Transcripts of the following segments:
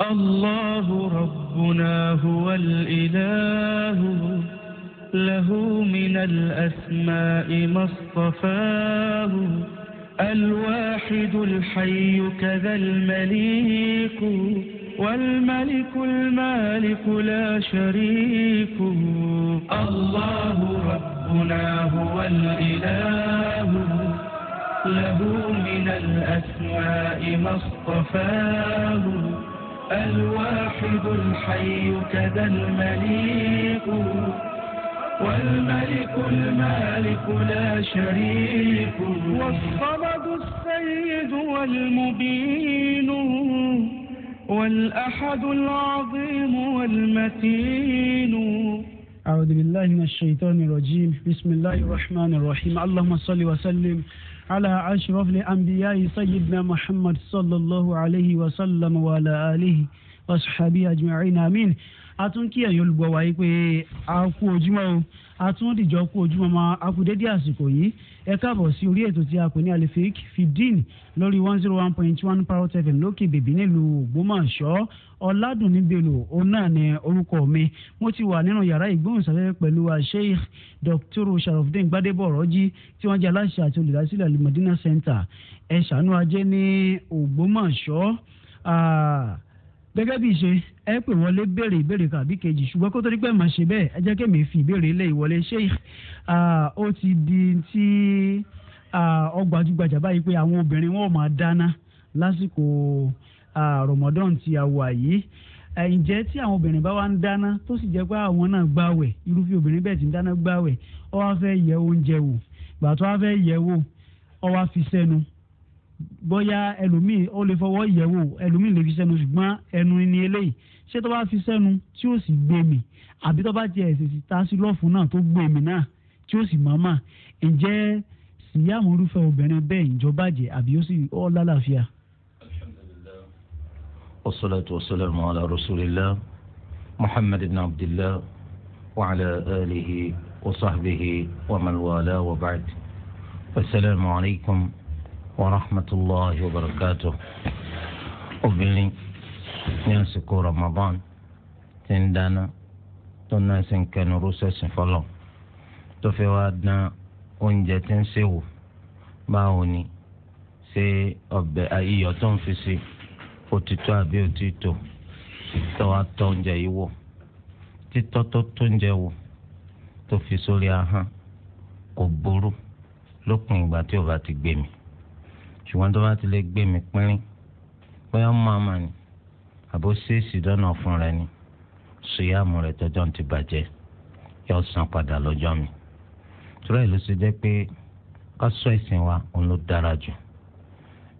الله ربنا هو الإله له من الأسماء ما اصطفاه الواحد الحي كذا المليك والملك المالك لا شريك الله ربنا هو الإله له من الأسماء ما اصطفاه الواحد الحي كذا المليك والملك المالك لا شريك والصمد السيد والمبين والأحد العظيم والمتين أعوذ بالله من الشيطان الرجيم بسم الله الرحمن الرحيم اللهم صل وسلم على أشرف الأنبياء سيدنا محمد صلى الله عليه وسلم وعلى آله وصحبه أجمعين آمين a tún kí ẹ̀yin olùgbọ́ wa yìí pé a kú ojúmọ́ o a tún dìjọ́ kú ojúmọ́ ma a kú dédé àsìkò yìí ẹ káàbọ̀ sí orí ètò tí a pè ní alifik fifteen lórí one zero oh one point one parrot fm lókè bèbí nílùú Ògbómọ̀ṣọ́ ọ̀làdùnní bello òun náà ni orúkọ mi mo ti wà nínú yàrá ìgbóhùnsáfẹ́fẹ́ pẹ̀lú Sheikh Dr. Sharafdin Gbadebo Ọ̀rọ̀jì tí wọ́n jẹ́ aláṣẹ àti olùdásílẹ̀ alimọ̀dínà center ẹ̀ṣánú ajé ní Ògbómọ̀ṣọ́ ah, gẹ́gẹ́ bí ìṣe ẹ pè wọlé béèrè ìbéèrè tàbí kejì ṣùgbọ́n kó tó di pé màá ṣe bẹ́ẹ̀ ẹ jẹ́ kí èmi fi ìbéèrè ilé ìwọlé ṣé ó ti di tí ọgbàjúgbàjà báyìí pé àwọn obìnrin wọn ò máa dáná lásìkò Ramadan tí a wà yìí ǹjẹ́ tí àwọn obìnrin bá wá ń dáná tó sì jẹ́ pé àwọn náà gbàwẹ̀ irúfẹ́ obìnrin bẹ́ẹ̀ ti ń dáná gbàwẹ̀ ó wá fẹ́ yẹ oúnjẹ wò gbà wá fẹ́ yẹ wò ó wá fi sẹ́nu bóyá ẹlòmíì ó lè fọwọ́ yẹ̀wò ẹlòmíì lè fi sẹ́nu ṣùgbọ́n ẹnu ni eléyìí ṣé tó bá fi sẹ́nu tí ó sì gbé mi àbí tó bá ti ẹ̀sìn sí ta sí lọ́fun náà tó gbé mi náà tí ó sì máma ǹjẹ́ síyàmù irúfẹ́ obìnrin bẹ́ẹ̀ ìjọba jẹ́ àbí ó sì ọ́ lálàáfíà. alhamdulillah wassalatu wassalamu ala rasulillah muhammad ibn abdillah wa ala alihi wa sahbihi wa man wa ba'd. assalamu alaykum wa rahmatulahi wa barakatuh obìnrin ní àsìkò ramadan ti ń dáná tó náà sì ń kẹnu rúṣẹ̀sìn fọlọ́ tó fẹ́ wá dán oúnjẹ tí ń ṣèwò báwo ni ṣé ọbẹ̀ iyọ̀ tó ń fi sí òtítọ́ àbí òtítọ́ tó wá tọ́ oúnjẹ yìí wò títọ́ tó tó oúnjẹ wò tó fi sórí ahọ́n kò burú lópin ìgbà tí o bá ti gbé mi ṣùgbọ́n tó bá ti lè gbé mi pínrín bóyá mọ́ àmà ni àbó ṣèèṣì dọ́nà fún rẹ ni ṣùyàmù rẹ tọjọ́ ti bàjẹ́ yóò san padà lọ́jọ́ mi. tura ìlú ṣe jẹ́ pé ká sọ ìsìn wa òun ló dára jù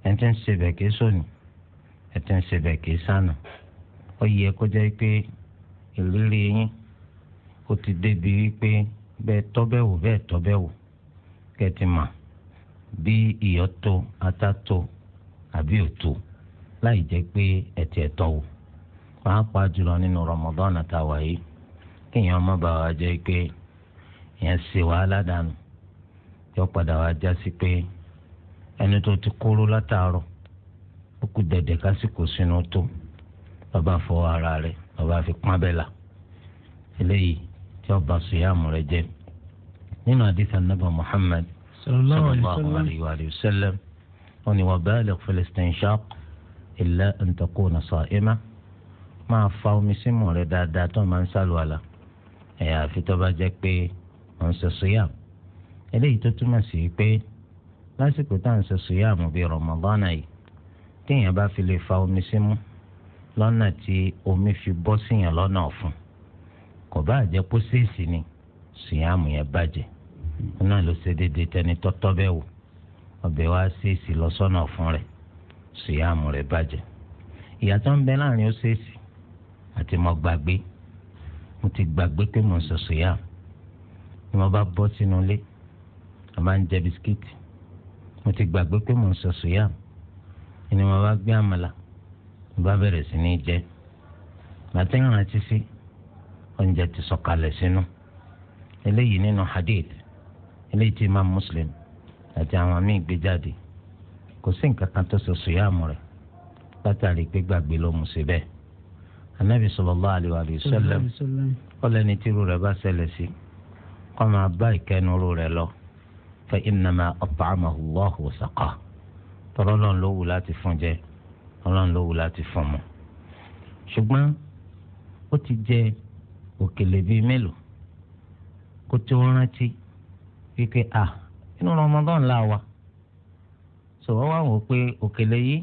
ẹ̀ ń ń ṣe bẹ̀ kí sóni ẹ̀ tẹ́ ń ṣe bẹ̀ kí sànà ó yẹ kó jẹ́ pé ìrírí yín ó ti débi wípé bẹ́ẹ̀ tọ́ bẹ́ẹ̀ wò bẹ́ẹ̀ bí iyọ̀ tó ata tó àbí òtó láì jẹ́ pé ẹ̀tì ẹ̀tọ́ wò pàápàá jùlọ nínú Ramadan àtàwà yìí kéèyàn má bàa wá jẹ́ pé èèyàn ṣe wàhálà dànù yọ padà wá já sí pé ẹni tó ti kóró látàárọ̀ ó kù dẹ̀dẹ̀ kásìkò sínú tó bàbá fọ ara rẹ̀ bàbá fi pọ́n bẹ́ẹ̀ la eléyìí tí ọba sùyàmù rẹ̀ jẹ́ nínú àdìsá nàbà Muhammad sallallahu alayhi wa sallam wọn ni wọn bẹ́ẹ̀ lè filistin shaq ilẹ̀ ntakùnà sọ ima máa fa omi símù rẹ dáadáa tó máa ń sálùwàlà ẹ̀yà àfi tó bá jẹ́ pé wọ́n ń ṣe suyam eléyìí tó túmọ̀ sí pé lásìkò tá à ń ṣe suyam bíi rọmọbọ́nà yìí téèyàn bá fi lè fa omi símù lọ́nà tí omi fi bọ́ síyàn lọ́nà ọ̀fun kò bá jẹ́ pósíìsì ni suyam yẹn bàjẹ́ náà ló ṣe déédéé tẹni tọ́tọ́ bẹ́ẹ̀ wò ọbẹ̀ wa ṣe èsì lọ́sọ́nà fún rẹ̀ ṣùyàmù rẹ̀ bàjẹ́ ìyàtọ̀ ń bẹ láàrin ó ṣe èsì àti mo gbàgbé mo ti gbàgbé pé mo ń sọ ṣùyàmù ni mo bá bọ́ sínú ilé mo bá ń jẹ bisikíìtì mo ti gbàgbé pé mo ń sọ ṣùyàmù ni mo bá gbé àmàlà mo bá bẹ̀rẹ̀ sí ní jẹ màtí ń rántí sí oúnjẹ ti sọ̀kalẹ̀ sínú eléyìí nínú hadith eléyìí tí imam muslim àti àwọn míì gbé jáde kò sí nǹkan kan tó so sùyàmù rẹ̀ látàrí pé gbàgbé ló mú sí bẹ́ẹ̀ anabi sallallahu alayhi wa sallam ọlẹni tírú rẹ̀ bá ṣẹlẹ̀ sí kó máa bá ìkẹnuru rẹ̀ lọ fa innama at'amahu Allahu wa saqah tọrọ lọ́n ló wù láti fún jẹ Ọlọ́run ló wù láti fún mu ṣùgbọ́n ó ti jẹ òkèlè bíi mélòó kó tó rántí wípé à inú Ramadan la wà sọ wọ́n wá wò pé òkèlè yìí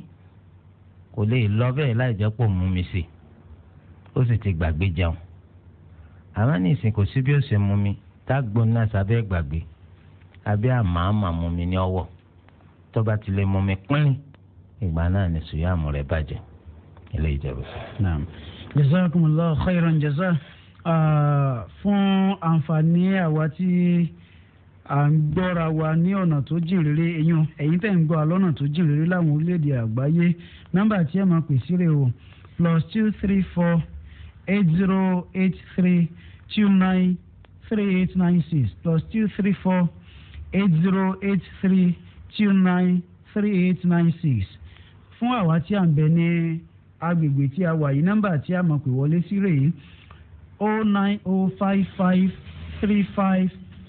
kò lè lọ bẹ́ẹ̀ láì jẹ́ pò mú mi sí ó sì ti gbàgbé jẹun àmọ́ ní ìsìn kò sí bí ó ṣe mú mi tágbóná náà sábẹ́ gbàgbé abẹ́ àmàmà mú mi ní ọwọ́ tó bá ti lè mú mi pín ìgbà náà ni sùyàmù rẹ̀ bàjẹ́ ilé ìjẹ̀bù. jazakumullahu khairan jaza ah, fún àǹfààní àwa tí à ń gbọ́ra wa ní ọ̀nà tó jìn eyín ẹ̀yin tẹ̀ ń gbọ́ alọ́nà tó jìn láwọn orílẹ̀-èdè àgbáyé nọ́mbà tí ẹ̀ máa pè sílẹ̀ o plus two three four eight zero eight three two nine three eight nine six plus two three four eight zero eight three two nine three eight nine six fún àwa tí à ń bẹ ní agbègbè tí a wà yìí nọ́mbà tí a máa pè wọlé sí rèé o oh nine o oh five five three five.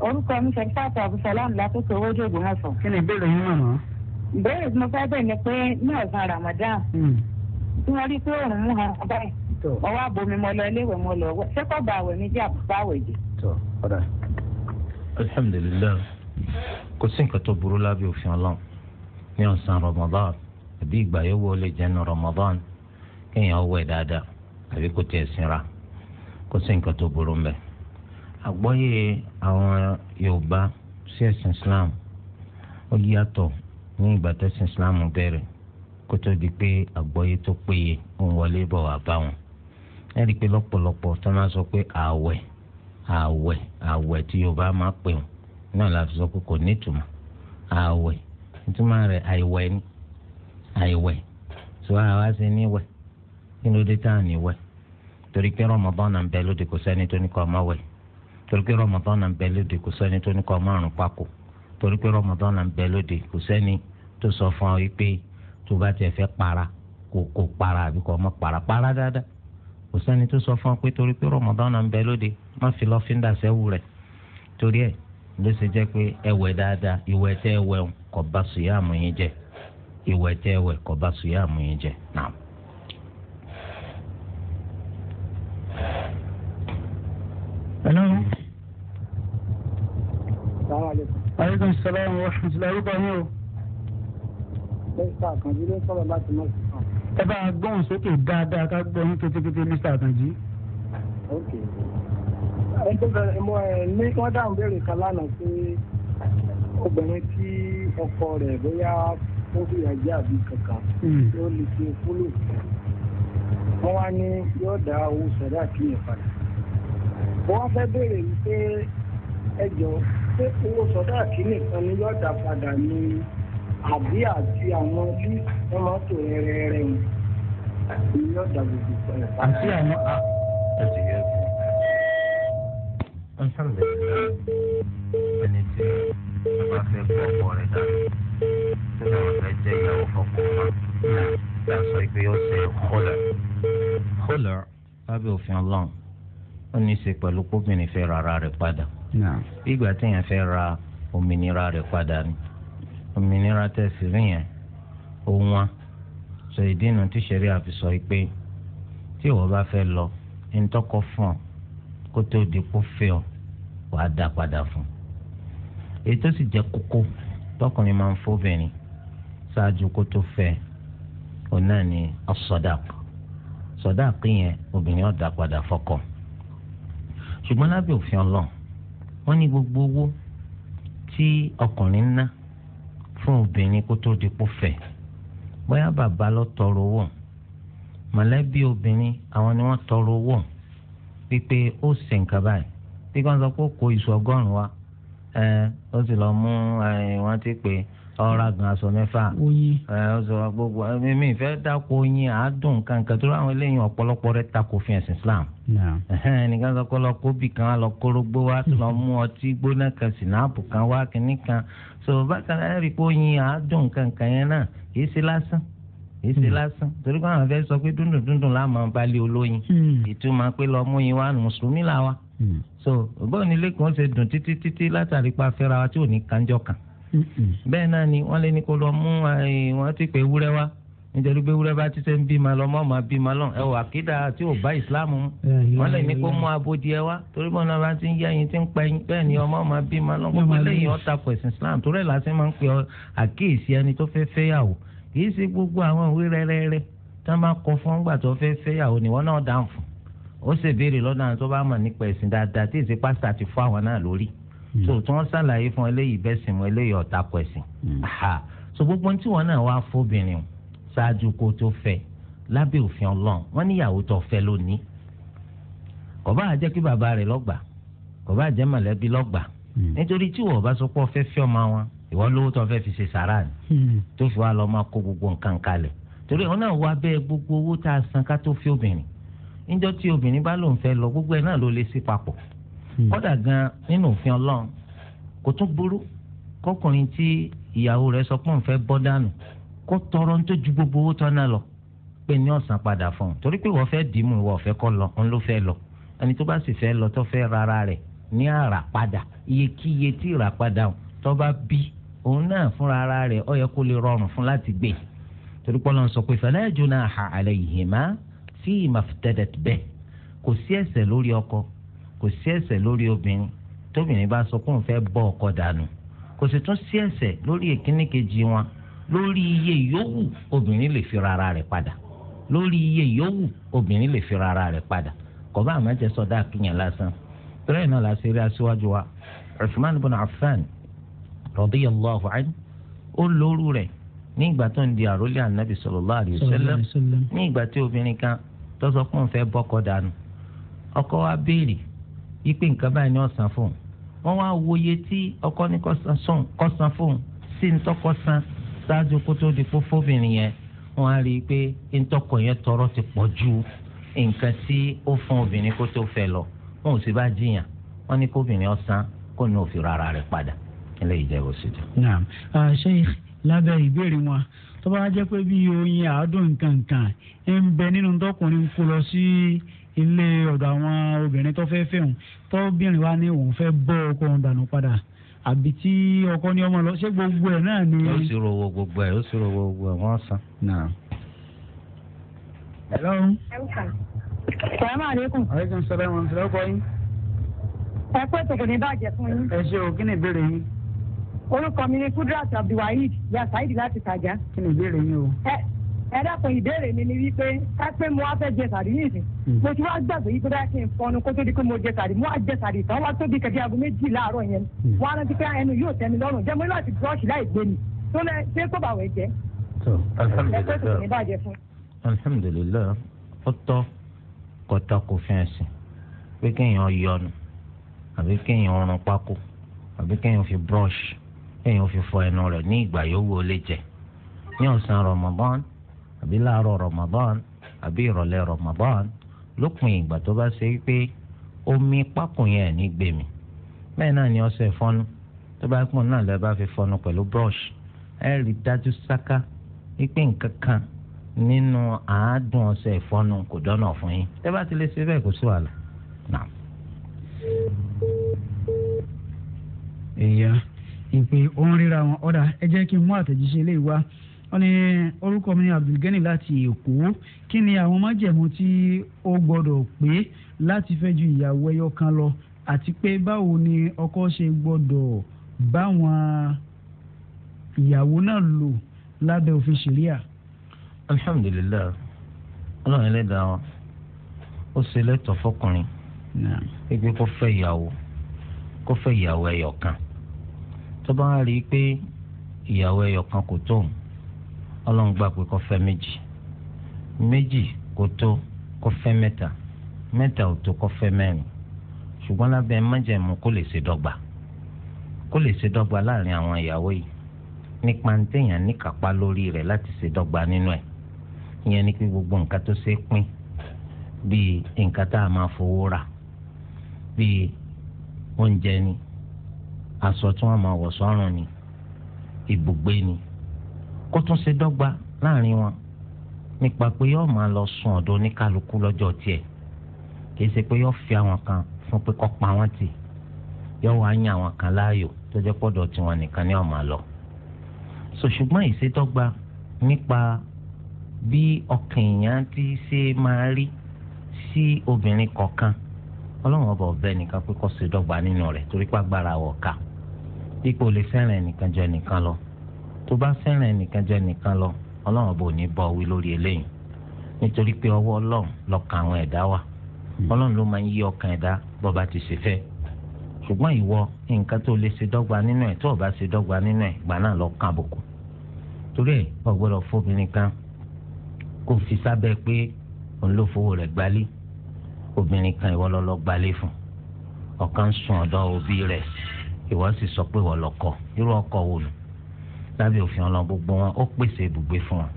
orúkọ mi sẹ́kítàtà abdulsalam lakoto owóde ògùn hasan. kí ni ìbéèrè yín màmá. ìbéèrè tí mo fẹ́ bẹ̀ ni pé ní ọ̀sán ramadan hmm. tí wọ́n rí pé òun mú hàn báyìí ọwọ́ àbomi mo lọ iléèwẹ̀ mo lọ wẹ̀ ṣé kò bá àwẹ̀ mi jẹ́ àbúkọ́ àwẹ̀ jẹ́. alhamdulilayi kò sí nǹkan tó burú lábẹ́ òfin ọlọ́run ní ọ̀sán ramadan àbí ìgbà yóò wọlé jẹ́nu ramadan kéèyàn wẹ̀ dáadáa àbí kò tiẹ̀ sinra kò sí nǹkan tó burú mbẹ́ẹ̀ àgbọ́yé àwọn yorùbá sí ẹ̀sìn islam ó yàtọ̀ ní ìgbà tẹ̀sìn islam bẹ̀rẹ̀ kó tó di pé àgbọ́yé tó péye ń wọlé bọ̀ wá bá wọn ẹ rí i pé lọ́pọ̀lọpọ̀ tó máa sọ pé ààwẹ̀ ààwẹ̀ ààwẹ̀ tí yorùbá máa pè wọn náà la sọ pé kò ní ìtumọ̀ ààwẹ̀ ìtumọ̀ rẹ̀ àìwẹ̀ ni àìwẹ̀ tó àwa ṣe ní wẹ̀ kí ló dé tá à ní wẹ̀ torí pé rọmọbọ́n náà ń bẹ lóde kò sẹ́ni tó ní kọ́ ọmọ wẹ̀ torí pé rọmọdán náà ń bẹ lóde kò sẹ́ni tó ní kọ́ márùn pákó torí rọmọdán náà ń bẹ lóde kò tó sọ fún ọ pé tó bá para kò kò para àbí kò mọ para para dáadáa kò sẹ́ni tó sọ fún ọ pé torí rọmọdán náà ń bẹ lóde má fi lọ́ fíńdà sẹ́wù rẹ̀ torí ẹ̀ ló ṣe jẹ́ pé dáadáa aleykum salaam wa rahmatulah orúkọ mi o. mista àkànjí ló ń sọ̀rọ̀ láti mọ̀ sí kan. ẹ bá a gbóhùn sókè dáadáa ká gbọ́ kétékété mista àkànjí. ok ẹ tó bẹ̀rẹ̀ mo ẹ ní wọ́n dáhùn béèrè kan lánàá pé obìnrin tí ọkọ rẹ̀ bóyá ó fi àjẹ́ àbí kankan ló hmm. lè ṣe fúlù wọ́n wá ní yóò dá owó sọ̀rọ̀ àkíyàn padà. wọ́n fẹ́ béèrè wípé ẹ jọ pé owó sọdá kìíní kan ni yóò dà padà ní àbí àti àwọn tí wọ́n máa tò rẹ́rẹ́rẹ́ wọn ni yóò dà gbogbo pẹ̀lú. àti àwọn a. ẹni tí wọ́n bá fẹ́ kọ́ ọkọ rẹ̀ dànù tí wọ́n fẹ́ jẹ́ ìyàwó fọ́pọ̀ wọn náà dáṣọ ìgbé yóò ṣe kọ́là. kọ́là lábẹ́ òfin ọlọ́run ó ní í ṣe pẹ̀lú kóbìnrin fẹ́ rárá rẹ̀ padà bí ìgbà téèyàn fẹ́ ra òmìnira rẹ̀ padà ni òmìnira tẹ̀sí rí yẹn ó wọ́n sọ ìdínà tí sẹ́rí àfisọ pé tí ìwọ bá fẹ́ lọ ń tọkọ fún ọ kó tó di kó fẹ́ ọ wàá dá padà fún un èyí tó sì jẹ́ kókó tọkùnrin máa ń fóbìnrin ṣáájú kó tó fẹ́ òun náà ni ọsọdàk sọdàk yẹn obìnrin ó dá padà fọ́kọ ṣùgbọ́n lábẹ́ òfin Ọlọ́run wọ́n ní gbogbo owó tí ọkùnrin ń ná fún obìnrin kó tó di pọ́fẹ́ bóyá bàbá lọ tọrọ owó mọ̀lẹ́bí obìnrin àwọn ni wọ́n tọrọ owó pípé ó ṣe nǹkan báyìí bí wọ́n sọ pé kó iṣu ọgọ́rùn-ún wa ó sì lọ mú wọn ti pè é ọ̀rá gan aṣọ mẹ́fà. oyin. ẹ ọ sọ gbogbo ẹmí mi fẹ́ dáko oyin àádùn kankan tó láwọn eléyìí ọ̀pọ̀lọpọ̀ rẹ̀ tako fi ẹ̀sìn Islam. nìkan sọ kọ́ kóbì kan lọ kórógbó wa lọ mú ọtí gbóná kan sinapu kan wá kínní kan so bákan náà rí i pé oyin àádùn kankan yẹn náà kì í ṣe lásán kì í ṣe hmm. lásán torí pé àwọn fẹ́ sọ pé dúndùn dúndùn láàmú balẹ̀ olóyin hmm. ìtumọ̀ pé lọ mú yin wá mùsùlùmí làwa. Hmm. so bọ́ọ̀ nílé kan ṣe dùn títí títí látàrí pa fẹ́ra wa tí ò ní kanjọ́ kan bẹ́ẹ̀ náà ni wọ́n lé ní kó lọ mú wọ́n ti pè wúrẹ́ wá nítorí pé wúrẹ́ bá ti ṣe ń bímọ lọ mọ́ máa bímọ lọ ẹ wò àkídà tí ò bá ìsìláàmù mu wọ́n lè ní kó mú abodi ẹ wá torí bọ́n náà bá ti ń yẹ́yìn tí ń pẹ́yìn bẹ́ẹ̀ ni ọmọ máa bímọ lọ gbogbo eléyìí ọ̀tá kò ẹ̀sìn islam torí ẹ̀ lásán máa ń pè ọ àkíyèsí ẹni tó fẹ́ fẹ́yàwó kì í ṣe gbogbo àwọn ìwé rẹ́rẹ́rẹ́ tá a máa kọ fún ọgbà tó fẹ́ fẹ́yàwó ni wọ́n náà dáhùn fún ó ṣèbéèrè lọ́dọ̀ àwọn tó bá mọ̀ nípa ẹ̀sìn dáadáa tí ìsìn pásítà ti Mm. so tí wọ́n ṣàlàyé fún eléyìí bẹ́sìn mu eléyìí ọ̀tá pẹ̀sìn mm. so gbogbo tí wọn náà wá fóbìnrin ṣáájú kó tó fẹ́ lábẹ́ òfin Ọlọ́run wọn níyàwó tó fẹ́ lónìí kò bá jẹ́ kí bàbá rẹ̀ lọ́gbà kò bá jẹ́ mọ̀lẹ́bí lọ́gbà mm. nítorí tí wọn bá sọ pé ọfẹ́ fẹ́ ọmọ wọn ìwọ lówó tó fẹ́ fi ṣe sàrà ni tó fi wá lọ máa kó gbogbo nǹkan kalẹ̀ torí wọn náà wá bẹ́ẹ̀ gbogbo owó tá a san ká tó fi obìnrin níjọ́ tí obìnrin bá lóun fẹ́ lọ gbogbo ẹ̀ náà ló lè sí papọ̀ Hmm. kódà gan nínú òfin Ọlọ́run kò tún burú kọkùnrin tí ìyàwó rẹ̀ sọ pé òun fẹ́ bọ́ dànù kó tọrọ ń tó ju gbogbo owó tán náà lọ pé ní ọ̀sán padà fún un torí pé wọ́n fẹ́ dìímù wọ́n fẹ́ kọ́ lọ òun ló fẹ́ lọ ẹni tó bá sì fẹ́ lọ tó fẹ́ rárá rẹ̀ ní àrà padà iyekíye tí ìrà padà tó bá bí òun náà fúnra ara rẹ̀ ó yẹ kó lè rọrùn fún láti gbé torí pé Ọlọ́run sọ pé fala junaha alayhima fi maftadat bih kò sí ẹ̀ṣẹ̀ lórí ọkọ kò sí ẹ̀ṣẹ̀ lórí obìnrin tóbìnrin bá sọ pé òun fẹ́ bọ́ ọkọ dànù kò sì tún sí ẹ̀ṣẹ̀ lórí èkíní kejì wọn lórí iye yòówù obìnrin lè fi rárá rẹ̀ padà lórí iye yòówù obìnrin lè fi rárá rẹ̀ padà kò bá àmọ́ jẹ́ sọdá kínyàn lásán tẹ́lẹ̀ náà la ṣe rí aṣíwájú wa Uthman ibn Affan radiyallahu anhu ó lóru rẹ̀ ní ìgbà tó ń di àrólé ànábì sallallahu alayhi sallam ní ìgbà tí obìnrin kan tó sọ pé òun fẹ́ bọ́kọ dànù ọkọ wa béèrè ipe nǹkan báyìí ni wọ́n san fún un wọ́n wá wòye tí ọkọ ní kọ́ san fún un sí ntọ́kọ san ṣáájú kó tó di pé fóbìnrin yẹn wọ́n á rí i pé ntọ́kọ yẹn tọrọ ti pọ̀ ju nǹkan tí ó fún obìnrin kó tó fẹ́ lọ wọn ò sì bá jiyàn wọ́n ní kóbìnrin ọ̀sán kó ní òfin rárá rẹ̀ padà ilé ìjẹ́bù sí jù. ṣé lábẹ́ ìbéèrè wọn tó bá jẹ́ pé bí oyin àádùn nǹkan nǹkan ń bẹ nínú tọkùnrin kó lọ sí ilé ọ̀dọ̀ àwọn obìnrin tó fẹ́ fẹ́ hùn tọ́bìnrin wa ní òun fẹ́ bọ́ ọkọ òun dànù padà àbí tí ọkọ ní ọmọ lọ ṣé gbogbo ẹ̀ náà ni. ó sì rọwọ gbogbo ẹ ó sì rọwọ gbogbo ẹ wọn san. hello. salaam aleykum. aleykum salaam wa rahmatulah ọkọ yín. ẹ pé tòkò ní bàjẹ́ fún yín. ẹ ṣe o kí ni ìbéèrè yín. orúkọ mi ni kudrat abdulwaheed yasaidi láti tàjà. kí ni ìbéèrè yín o. ẹ ẹ dákun ìbéèrè mi ni wípé ká pé mo wá fẹ́ jẹ sàrí nìyí hmm. mo ti wá gbàgbé yìí pé báyà kí n fọnu kó tó di pé mo jẹ sàrí mo wá jẹ sàrí tán wá tóbi kẹ̀kẹ́ aago méjì láàárọ̀ yẹn hmm. wá rántí pé ẹnu yóò tẹ́ mi lọ́rùn jẹ́ mo ní láti búrọ́ọ̀ṣì láì gbé mi tó lẹ ṣé kó bá wẹ̀ jẹ́ ẹgbẹ́ tó kò ní bàjẹ́ fún. alhamdulilayi ó tọ́ kọta kò fi ẹ̀sìn pé kéèyàn yọnu àbí kéèyàn rún pákó àbí kéèyàn fi búrọ́ọ̀ṣì kéèyàn fi fọ ẹnu rẹ̀ ní ìgbà àbí láàárọ̀ Ramadan àbí ìrọ̀lẹ́ Ramadan lópin ìgbà tó bá ṣe pé omi pákó yẹn ní gbèmí bẹ́ẹ̀ náà ni ọṣẹ fọnú tó bá pọ̀ náà lẹ́ bá fi fọnú pẹ̀lú brush ẹ rí dájú sáká wípé nǹkan kan nínú àádùn ọṣẹ ìfọnú kò dọ́nà fún yín tẹ́ bá ti lè ṣe bẹ́ẹ̀ kó sí wàhálà náà. ẹ̀yà ìpè òun ríra wọn ọ̀dà ẹ jẹ́ kí n mú àtẹ̀jíṣẹ́ ilé ìwá wọ́n ní orúkọ mi ní Abdulgani láti Èkó kí ni àwọn májẹ̀mú tí ó gbọ́dọ̀ pé láti fẹ́ ju ìyàwó ẹyọ kan lọ àti pé báwo ni ọkọ ṣe gbọ́dọ̀ báwọn ìyàwó náà lò lábẹ́ òfin ṣẹ̀ríà. alhamdulilayi ọlọ́run ẹlẹ́dàá wọn ó ṣe lẹ́tọ̀ọ́ fọkùnrin pé kó fẹ́ ìyàwó kó fẹ́ ìyàwó ẹyọ kan tó bá rí i pé ìyàwó ẹyọ kan kò tó òun ọlọ́run gbà pé kó fẹ́ méjì méjì kò tó kó fẹ́ mẹ́ta mẹ́ta ò tó kó fẹ́ mẹ́rin ṣùgbọ́n lábẹ́ májẹ̀mú kó lè ṣe dọ́gba kó lè ṣe dọ́gba láàrin àwọn ìyàwó yìí nípa téèyàn níkàpá lórí rẹ̀ láti ṣe dọ́gba nínú ẹ̀ ìyẹn ni pé gbogbo nǹkan tó ṣe pín bíi nǹkan tá a máa fowó rà bíi oúnjẹ ni aṣọ tí wọ́n máa wọ̀ sọ́rùn ni ibùgbé ni kó tún ṣe dọ́gba láàrin wọn nípa pé yóò máa lọ sùn ọ̀dọ̀ oníkálukú lọ́jọ́ tiẹ̀ kìí ṣe pé yóò fi àwọn kan fún pé kọ́ pa wọ́n tì yóò wá yan àwọn kan láàyò tó jẹ́ pọ̀dọ̀ tiwọn nìkan ni ọ̀ma lọ. sọ ṣùgbọ́n ìṣèdọ́gba nípa bí ọkàn èèyàn ti ṣe máa rí sí obìnrin kọ̀ọ̀kan ọlọ́run ọba ọ̀bẹ nìkan pé kọ́ ṣèdọ́gba nínú rẹ̀ torí pàgbára wọ̀ ká dípò lè fẹ́ràn ẹnìkan jọ ẹnìkan lọ tó bá fẹ́ràn ẹnìkan jẹ́ nìkan lọ ọlọ́run bò ní bọ́ wí lórí eléyìí nítorí pé ọwọ́ ọlọ́run lọ́kàn àwọn ẹ̀dá wà hmm. ọlọ́run ló máa ń yí ọkàn ẹ̀dá bọ́ bá ti ṣe fẹ́ ṣùgbọ́n ìwọ nǹkan tó lè ṣe dọ́gba nínú ẹ̀ tó o bá ṣe dọ́gba nínú ẹ̀ gbà náà lọ kàn àbùkù torí ẹ̀ o fóbìnrin kan kó fi sábẹ́ pé òun ló fowó rẹ̀ gbalé obìnrin kan ìwọ lọ gbalé fún ọ̀kan sùn ọ̀dọ̀ òbí rẹ̀ ìwọ sì sọ pé ìwọ lọ kọ irú ọkọ wò lù lábẹ́ òfin ọlọ́run gbogbo wọn ó pèsè ibùgbé fún wọn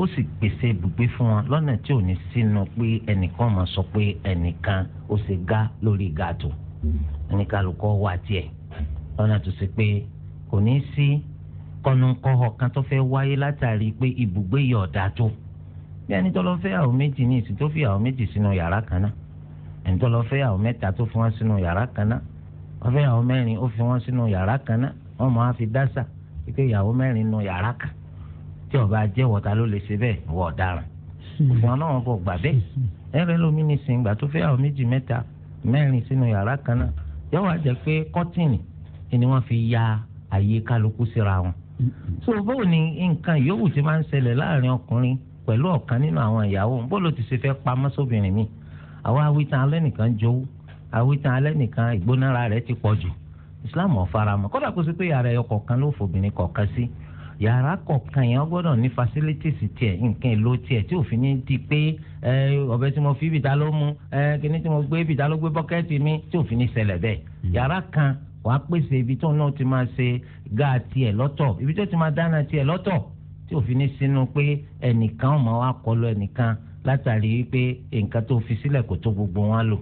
ó sì pèsè ibùgbé fún wọn lọ́nà tí ò ní sínú pé ẹnìkan máa sọ pé ẹnìkan ó ṣe gá lórí gàtò oníkàlùkọ wà tiẹ̀ lọ́nà tó ṣe pé kò ní sí kọ́nùkọ́họ kan tó fẹ́ wáyé látàrí pé ibùgbé yọ̀ ọ̀dà tó bí ẹni tó lọ fẹ́ àwọn méjì ní ìsìn tó fi àwọn méjì sínú yàrá kan náà ẹni tó lọ fẹ́ àwọn mẹ́ta tó fi wọ́n sínú yàrá kan náà wọ́n fẹ́ àwọn mẹ́rin ó fi wọ́n sínú yàrá kan náà wọ́n máa fi dá sáà pé ìyàwó mẹ́rin nu yàrá kan tí ọba jẹ́ wọ́ta ló lè ṣe bẹ́ẹ̀ wọ ọ̀daràn òfin ọlọ́run kò gbà bẹ́ẹ̀ ẹ̀rẹ́ lómi ní sìn tó fẹ́ àwọn méjì mẹ́ta mẹ́rin sínú yàrá kan náà yọ̀wọ́ àjẹ́ pé kọ́tìnì ni wọ́n fi ya àyè kálukú síra wọn. so bóò ni nǹkan yòówù ti máa ń ṣẹlẹ̀ láàrin ọkùnrin pẹ̀lú ọ̀kan nínú àwọn ìyàwó bó ló ti ṣe fẹ́ pamọ́ sóbìnrin mi àwọn awitan alẹ́ nìkan jowú awitan alẹ́ nìkan ìgbónára rẹ̀ ti pọ̀ jù islam ọ̀farama kódà kó sí pé yàrá ẹyọ kọ̀ọ̀kan ló fòbìnrin kọ̀ọ̀kan sí yàrá kọ̀ọ̀kan yẹn gbọ́dọ̀ ní facilities tiẹ̀ nǹkan èlò tiẹ̀ tí òfin ní di pé ọ̀bẹ tí mo fi ibìdá ló mú kíní tí mo gbé ibìdá ló gbé bọ́kẹ́tì mi tí òfin ní ṣẹlẹ̀ bẹ́ẹ̀ hmm. yàrá kan wàá pèsè ibi tó náà ti máa ṣe gáà tiẹ̀ lọ́tọ̀ ibi tó ti máa dáná tiẹ̀ lọ́tọ̀ tí òfin ní sínú pé ẹnìkan ọmọ wa kọlu ẹnìkan látàrí pé nǹkan tó fi sílẹ̀ kò tó gbogbo wọn lò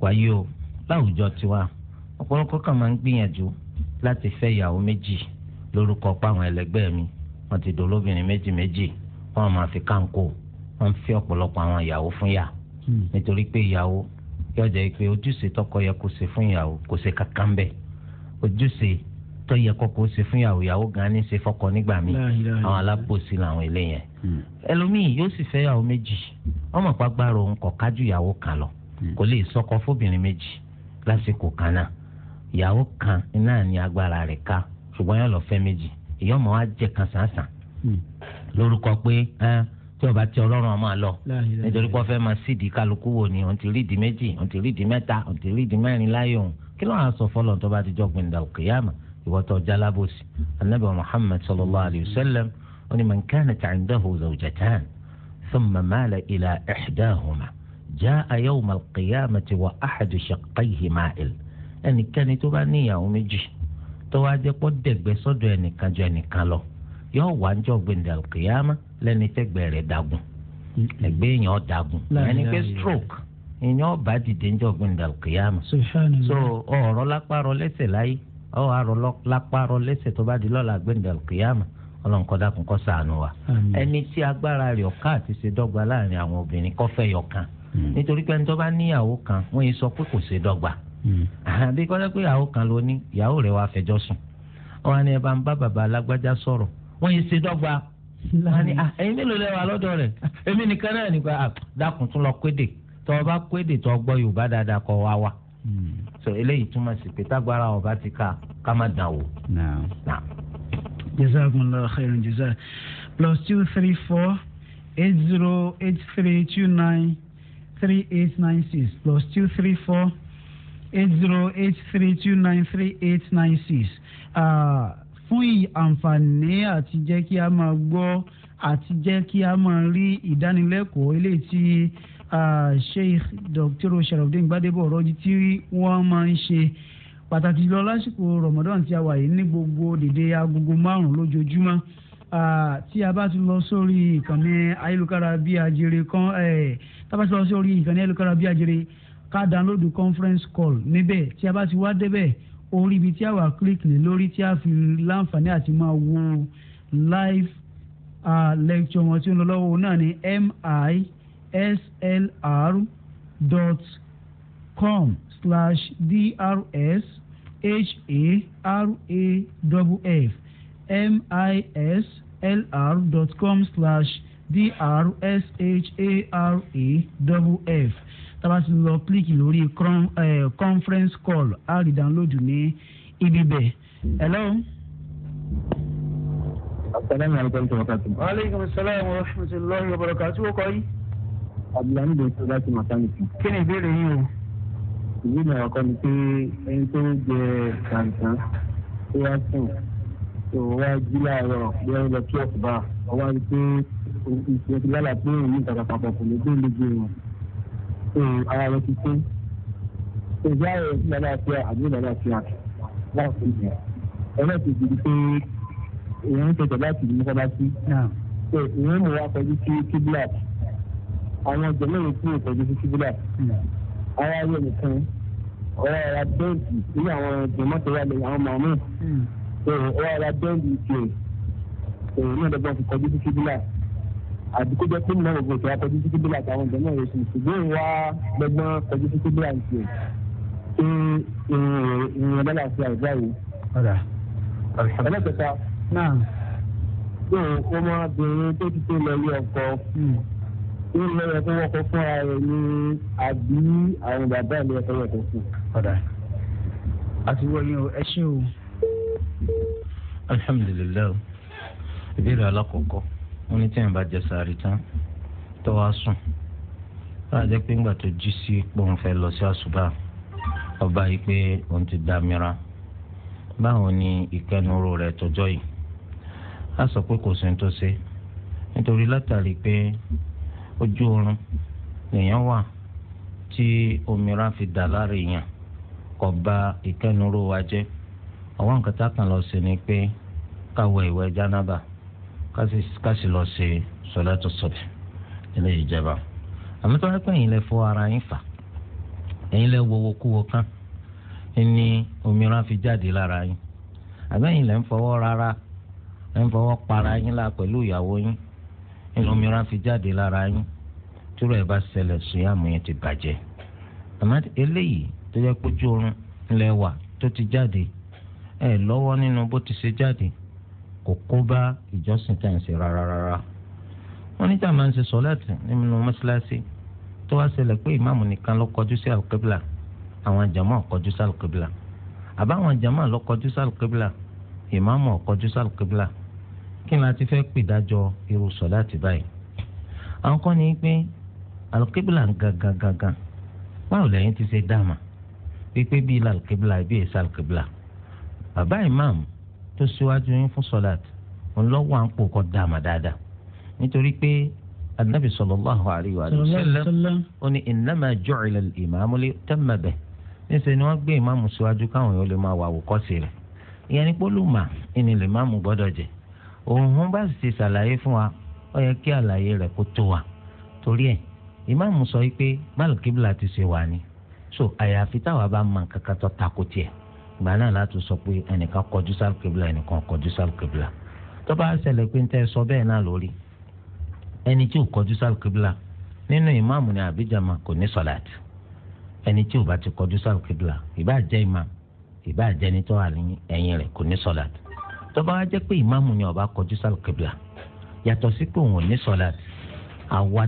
wáyé o láwùjọ tiwa ọ̀pọ̀lọpọ̀ kan máa ń gbìyànjú láti fẹ́ ìyàwó méjì lórúkọ páwọn ẹlẹgbẹ́ mi wọ́n ti dolóbìnrin méjì méjì wọ́n máa fi kánkó wọ́n fi ọ̀pọ̀lọpọ̀ àwọn ìyàwó fún yà hmm. nítorí pé ìyàwó yóò jẹ́ pé ojúṣe tọkọ yẹ kó ṣe fún ìyàwó kò ṣe kankan bẹ́ẹ̀ ojúṣe tó yẹ kọ́kọ́ ṣe fún ìyàwó ìyàwó gan ni ṣe fọ́kọ nígbà míì àwọn alábòsí làwọn eléyẹn hmm. ẹlòmíì yóò sì fẹ́ ìyàwó méjì ọmọ pàgbára òun kọ̀ kájú ìyàwó kan lọ hmm. kò lè sọkọ fóbìnrin méjì lásìkò kan náà ìyàwó kan náà ní agbára rẹ̀ ká ṣùgbọ́n yóò lọ fẹ́ méjì ìyọ́mọ wa jẹ kan sàǹsàn hmm. lórúkọ pé tí ọba tí ọlọ́run ọmọ lọ nítorí pé wọ́n fẹ́ máa sídìí kálukú wò ni òun ti rí di méjì òun ti rí di mẹ́ta òun ti rí di mẹ́rin láyé òun kí ló ń sọ fọlọ́ tó bá ti jọ gbìndà òkè yàmà ìwọ́tọ̀ jalábòsì anabi muhammad sallallahu alayhi wa sallam wọn ni man kanat indahu zawjatan thumma mala ila ihdahuma jaa yawma alqiyamati wa ahadu shaqqayhi ma'il. ẹnikẹ́ni tó bá ní ìyàwó méjì tó wá jẹ́ pọ́ dẹ̀gbẹ́ sọ́dọ̀ ẹnìkan ju ẹnìkan lọ yóò wá ń jọ gbẹ̀ndà kìyàmá lẹ́ni tẹ́gbẹ́ rẹ̀ dagun ẹgbẹ́ èèyàn dagun ẹni pé stroke èèyàn bá dìde ń jọ kìyàmá so ọ̀rọ̀ lápárọ̀ lẹ́sẹ̀ láyé ọ̀rọ̀ lápárọ̀ lẹ́sẹ̀ tó bá di lọ́la gbẹ̀ndà kìyàmá ọlọ́nkọ́dá kọ́ sànù wa ẹni tí agbára rẹ̀ ọ̀ká àti ṣe dọ́gba láàrin àwọn obìnrin kọ́fẹ́ yọkan hmm. nítorí pé kan wọ́n yìí sọ Hmm. àbí kọ́lẹ́ pé ìyàwó kan ló ní ìyàwó rẹ̀ wàá fẹjọ́ sùn ọ̀rọ̀ ni ẹ bá ń bá bàbá alágbájá sọ̀rọ̀ wọ́n yìí ṣe dọ́gba ah, ẹ̀yin mélòó lẹ́wọ̀ alọ́dọ̀ rẹ̀ èmi nìkan náà nípa ah, dákun tún lọ kéde tọ́ ọ bá kéde tọ́ ọ gbọ́ Yorùbá dáadáa kọ́ wa wa so eléyìí túmọ̀ sí pé tágbára ọba ti ká ká má dàn wò. jazakumullahu khairan jaza plus two three four eight zero eight three two nine three eight nine six plus two three four eight zero eight three two nine three eight nine six fún àǹfààní àti jẹ́ kí a máa gbọ́ àti jẹ́ kí a máa rí ìdánilẹ́kọ̀ọ́ eléyìí tí Sheikh Dr. Sharafdin Gbadebo ọ̀rọ̀jì tí wọ́n máa ń ṣe pàtàkì jùlọ lásìkò Ramadan tí a wà yìí ní gbogbo dèdè agogo márùn lójoojúmọ́ tí a bá ti lọ sórí ìkànnì ayélujára bí ajere kan tá a bá ti lọ sórí ìkànnì ayélujára bí ajere kan ká download conference call níbẹ̀ tí a bá ti wá débẹ̀ orí ibi tí a wà click ní lórí tí a fi láǹfààní àti máa wo live uh, lecture wọn tí ó ń lọ lọ́wọ́ náà ní mislr dot com slash drs h-a-r-a-f-f mislr dot com slash drs drsharaff tábà ti lọ kílíkì lórí eh, conference call a rí dánlódù ní ibi bẹ́ẹ̀. hello. asalaamualeykum wa rahmatulahi. waaleykum salaam wa rahmatulahi wa barakatu o kọ yìí. abdulhami de sọ láti masaniki. kí ni ìbéèrè yìí o. ìbéèrè àwọn kan ni pé ẹni tó jẹ kàǹtàn tó wá sùn tó wá jí láàárọ̀ bí wọ́n lọ kí ọ̀sùn bá wọ́n wá rí pé òkú ìṣẹ́ ti lálà pé òun ní ìtàkà papọ̀ kò ní gbóòlù gbé wọn. ara rẹ ti pé ìjà rẹ ti lálà pé àbí lálà pé àti wọn kò jẹ ẹlẹ́ẹ̀kejì ni pé èèyàn ń tẹ̀tẹ̀ láti ní mọ́sálásí èèyàn mọ̀ wá pẹ̀lú sí kíbílàt àwọn jẹ̀mọ́ yẹn kúrò pẹ̀lú sí kíbílàt ara rẹ nìkan ọ̀rọ̀ ara bẹ́ẹ̀dì sí àwọn jẹ̀mọ́ àwọn màmú ọ̀rọ̀ ara bẹ́ẹ̀dì tiẹ̀ èèyàn náà dọ́gbọ́n fi kọjú sí kíbílàt àbí kó jẹ́ pé mílíọ̀nù ògùn tó wá kọjú sí kíbílà àtàwọn ìjọ náà yóò sì ṣùgbọ́n ìwà gbẹgbọ́n kọjú sí kíbílà ń tiẹ̀ ṣé ìrìn ọ̀dọ́ làásì àìsàn yìí. ẹlẹ́kẹta yóò ọmọbìnrin tó ti tó lọ ilé ọkọ ó hmm. lọ yẹ kó wọ́kọ̀ fún ara rẹ̀ ní àbí àwọn bàbá ilé ọkọ yẹ kó fún. àti wọ́n yín o ẹ ṣé o. alhamdulilayi ìbéèrè alákọ̀ọ́kọ́ wọ́n ní tẹ̀yìn bá jẹ sàárì tán tó wá sùn wọ́n á jẹ́ pé ńgbà tó jí sí pọ́n fẹ́ lọ sí àṣùbà ọba yìí pé òun ti dá mìíràn báwo ni ìkẹnuró rẹ̀ tọjọ́ yìí á sọ pé kò sí tó ṣe nítorí látàrí pé ojú oorun lèèyàn wà tí omira fi dà lára èèyàn kò bà ìkẹnuró wa jẹ́ àwọn nǹkan tá a kàn lọ sí ni pé káwọ ìwẹ̀ jánábà kásì lọ ṣe sọlátù sọbẹ eléyìí jẹba àmọ́ tó wá pé ẹ̀yin lẹ fọ ara yín fà ẹ̀yin lẹ wọwọ kú wọ kán ní òmíràn fi jáde lára yín àbẹ́yìn lẹ ń fọwọ́ rárá ẹ ń fọwọ́ la pẹ̀lú ìyàwó yín inú mìíràn fi jáde lára yín túrọ ẹ bá ṣẹlẹ̀ sùyàmù yẹn ti bàjẹ́ àmọ́ eléyìí tó yẹ kójú oorun ńlẹ̀ wà tó ti jáde ẹ lọ́wọ́ nínú bó ti ṣe jáde kò kó bá ìjọsìn tá à ń ṣe rárá rárá wọn níta máa ń ṣe sọláàtì nínú mọ́ṣáláṣí tó wá ṣẹlẹ̀ pé ìmáàmù nìkan ló kọjú sí àlùkébìlà àwọn jàmáà kọjú sí àlùkébìlà àbáwọn jàmáà ló kọjú sí àlùkébìlà ìmáàmù kọjú sí àlùkébìlà kí ni a ti fẹ́ pè dájọ́ irú sọláàtì báyìí àwọn kan ní pé àlùkébìlà gangan gangan báwo lẹ́yìn ti ṣe dáàmà wípé bíi làlùkébìlà bíi èsì àlùkébìlà bàbá ìmáàmù tó síwájú yín fún sọlát òun lọ wà ń pò kọ dààmà dáadáa nítorí pé anabi sallallahu alayhi wa sallam ó ní innama ju'ila al-imamu liyutamma bihi níṣẹ ni wọn gbé ìmáàmù síwájú káwọn yóò lè máa wà àwòkọ́ṣe rẹ̀ ìyẹn ní pólùmà ìní lè máàmù gbọ́dọ̀ jẹ òun bá sì ti ṣàlàyé fún wa ó yẹ kí àlàyé rẹ̀ kó tó wa torí ẹ̀ ìmáàmù sọ wípé bal qibla gbà náà láti sọ pé ẹnìkan kọjú sálùkébìlà ẹnìkan kọjú sálùkébìlà tó bá ṣẹlẹ̀ pé ń tẹ́ sọ bẹ́ẹ̀ náà lórí ẹni tí ò kọjú sálùkébìlà nínú ìmáàmù ni àbíjàmà kò ní sọ̀láàtì ẹni tí ò bá ti kọjú sálùkébìlà ìbá jẹ́ ìmáàmù ìbá jẹ́ ẹni tó wà ní ẹ̀yìn rẹ̀ kò ní sọ̀láàtì tó bá jẹ́ pé ìmáàmù ni ó kọjú sálùkébìlà yàtọ̀ sí pé òun ò ní sọ̀láàtì àwa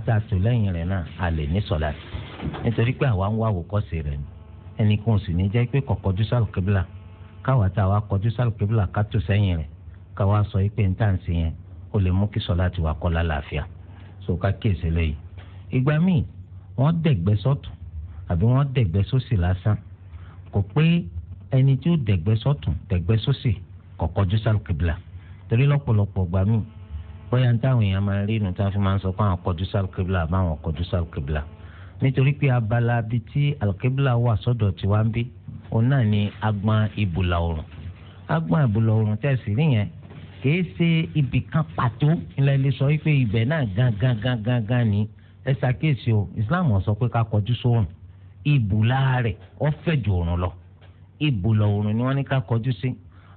ẹnì kan sì ní jẹ́ pé kọ̀kọ́jú sàlùkébìlà káwa tá a wá kọjú sàlùkébìlà ká tò sẹ́yìn rẹ̀ káwa sọ pé n tà yẹn ó lè mú kí sọlá ti wà kọ́ lálàáfíà so ká kíyèsí lẹ́yìn. ìgbà míì wọ́n dẹ̀gbẹ́ sọ́tún àbí wọ́n dẹ̀gbẹ́ sósì lásán kò pé ẹni tí ó dẹ̀gbẹ́ sọ́tún dẹ̀gbẹ́ sósì kọ̀kọ́jú sàlùkébìlà torí lọ́pọ̀lọpọ̀ gbà míì bóyá táwọn èèyàn máa rí inú tá a fi máa ń sọ pé àwọn kọjú sàlùkébìlà àbáwọn kọjú sàlùkébìlà nítorí pé abala bíi tí alkebla wà sọ́dọ̀ tiwa ń bí òun náà ni agbọn ìbùlà oòrùn agbọn ìbùlà oòrùn tẹ̀sí rí kìí ṣe ibì kan pàtó ilẹ̀ ilé sọ wípé ibẹ̀ náà gangan gangan gan ni ẹ ṣàkíyèsí o Islam sọ pé ká kọjú sóòrùn ìbùlà rẹ̀ ó fẹ̀ ju oòrùn lọ ìbùlà oòrùn ni wọ́n ní ká kọjú sí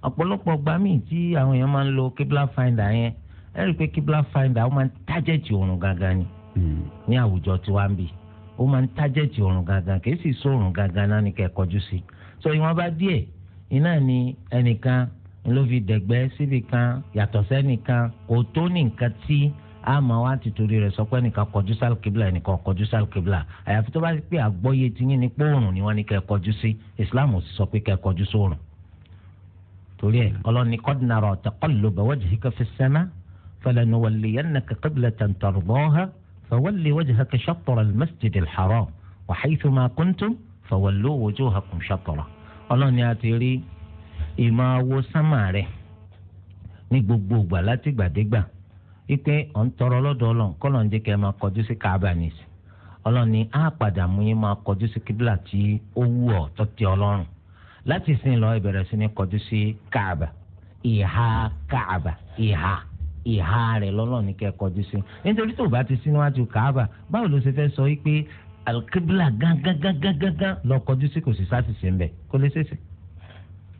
ọ̀pọ̀lọpọ̀ ọgbà míì tí àwọn èèyàn máa ń lo kibla finder yẹn ẹ rí i pé kibla finder ó máa ń tájẹ̀tì oòrùn gangan ni hmm. ní àwùjọ tiwa ń bì ó máa ń tájẹ̀tì òrùn gangan kì í sì sóòrùn gangan náà ni kẹ́ ẹ kọjú sí i so ìwọ̀n bá díẹ̀ iná ni ẹnìkan ló fi dẹ̀gbẹ́ síbi kan yàtọ̀ sẹ́nìkan kò tó ní nǹkan tí àmọ́ wa ti torí rẹ̀ sọ pé ẹnìkan kọjú sálù kébìlà ẹnìkan kọjú sálù kébìlà àyàfi tó bá ti pé àgbọ́yé tiyín ni pé òòrùn ni wọ́n ní kẹ́ sí Islam ò sì sọ pé kẹ́ ẹ kọjú sóòrùn torí ẹ ọlọ́ni kọ́dínàrọ̀ taqalluba wajhika fis-sama falanuwalliyannaka qiblatan tardaaha فول وجهك شطر المسجد الحرام وحيثما كنتم فولوا وجوهكم شطرة ọlọ́run ni a ti rí ìmọ̀ awo sánmà rẹ̀ ní gbogbo ìgbà láti gbàdégbà wípé ọ̀n tọrọ lọ́dọ̀ ọlọ́run kọ́ lọ́n jẹ́ kẹ́ ẹ máa kọjú sí kaaba ní sí ọlọ́run ni á padà mú yín máa kọjú sí kíbílà tí ó wù ọ́ tó tẹ́ ọlọ́run láti sìn lọ ìbẹ̀rẹ̀ sí ní kọjú sí kaaba ìhà kaaba ìhà ìhà rẹ̀ lọ́lọ́run ní kẹ́ kọjú sí nítorí tó bá ti sí níwájú Káàbà báwo ló ṣe fẹ́ sọ wípé alikibla gángangangangangan lọ kọjú sí kò sì sáṣìṣe ń bẹ kó lè ṣèṣe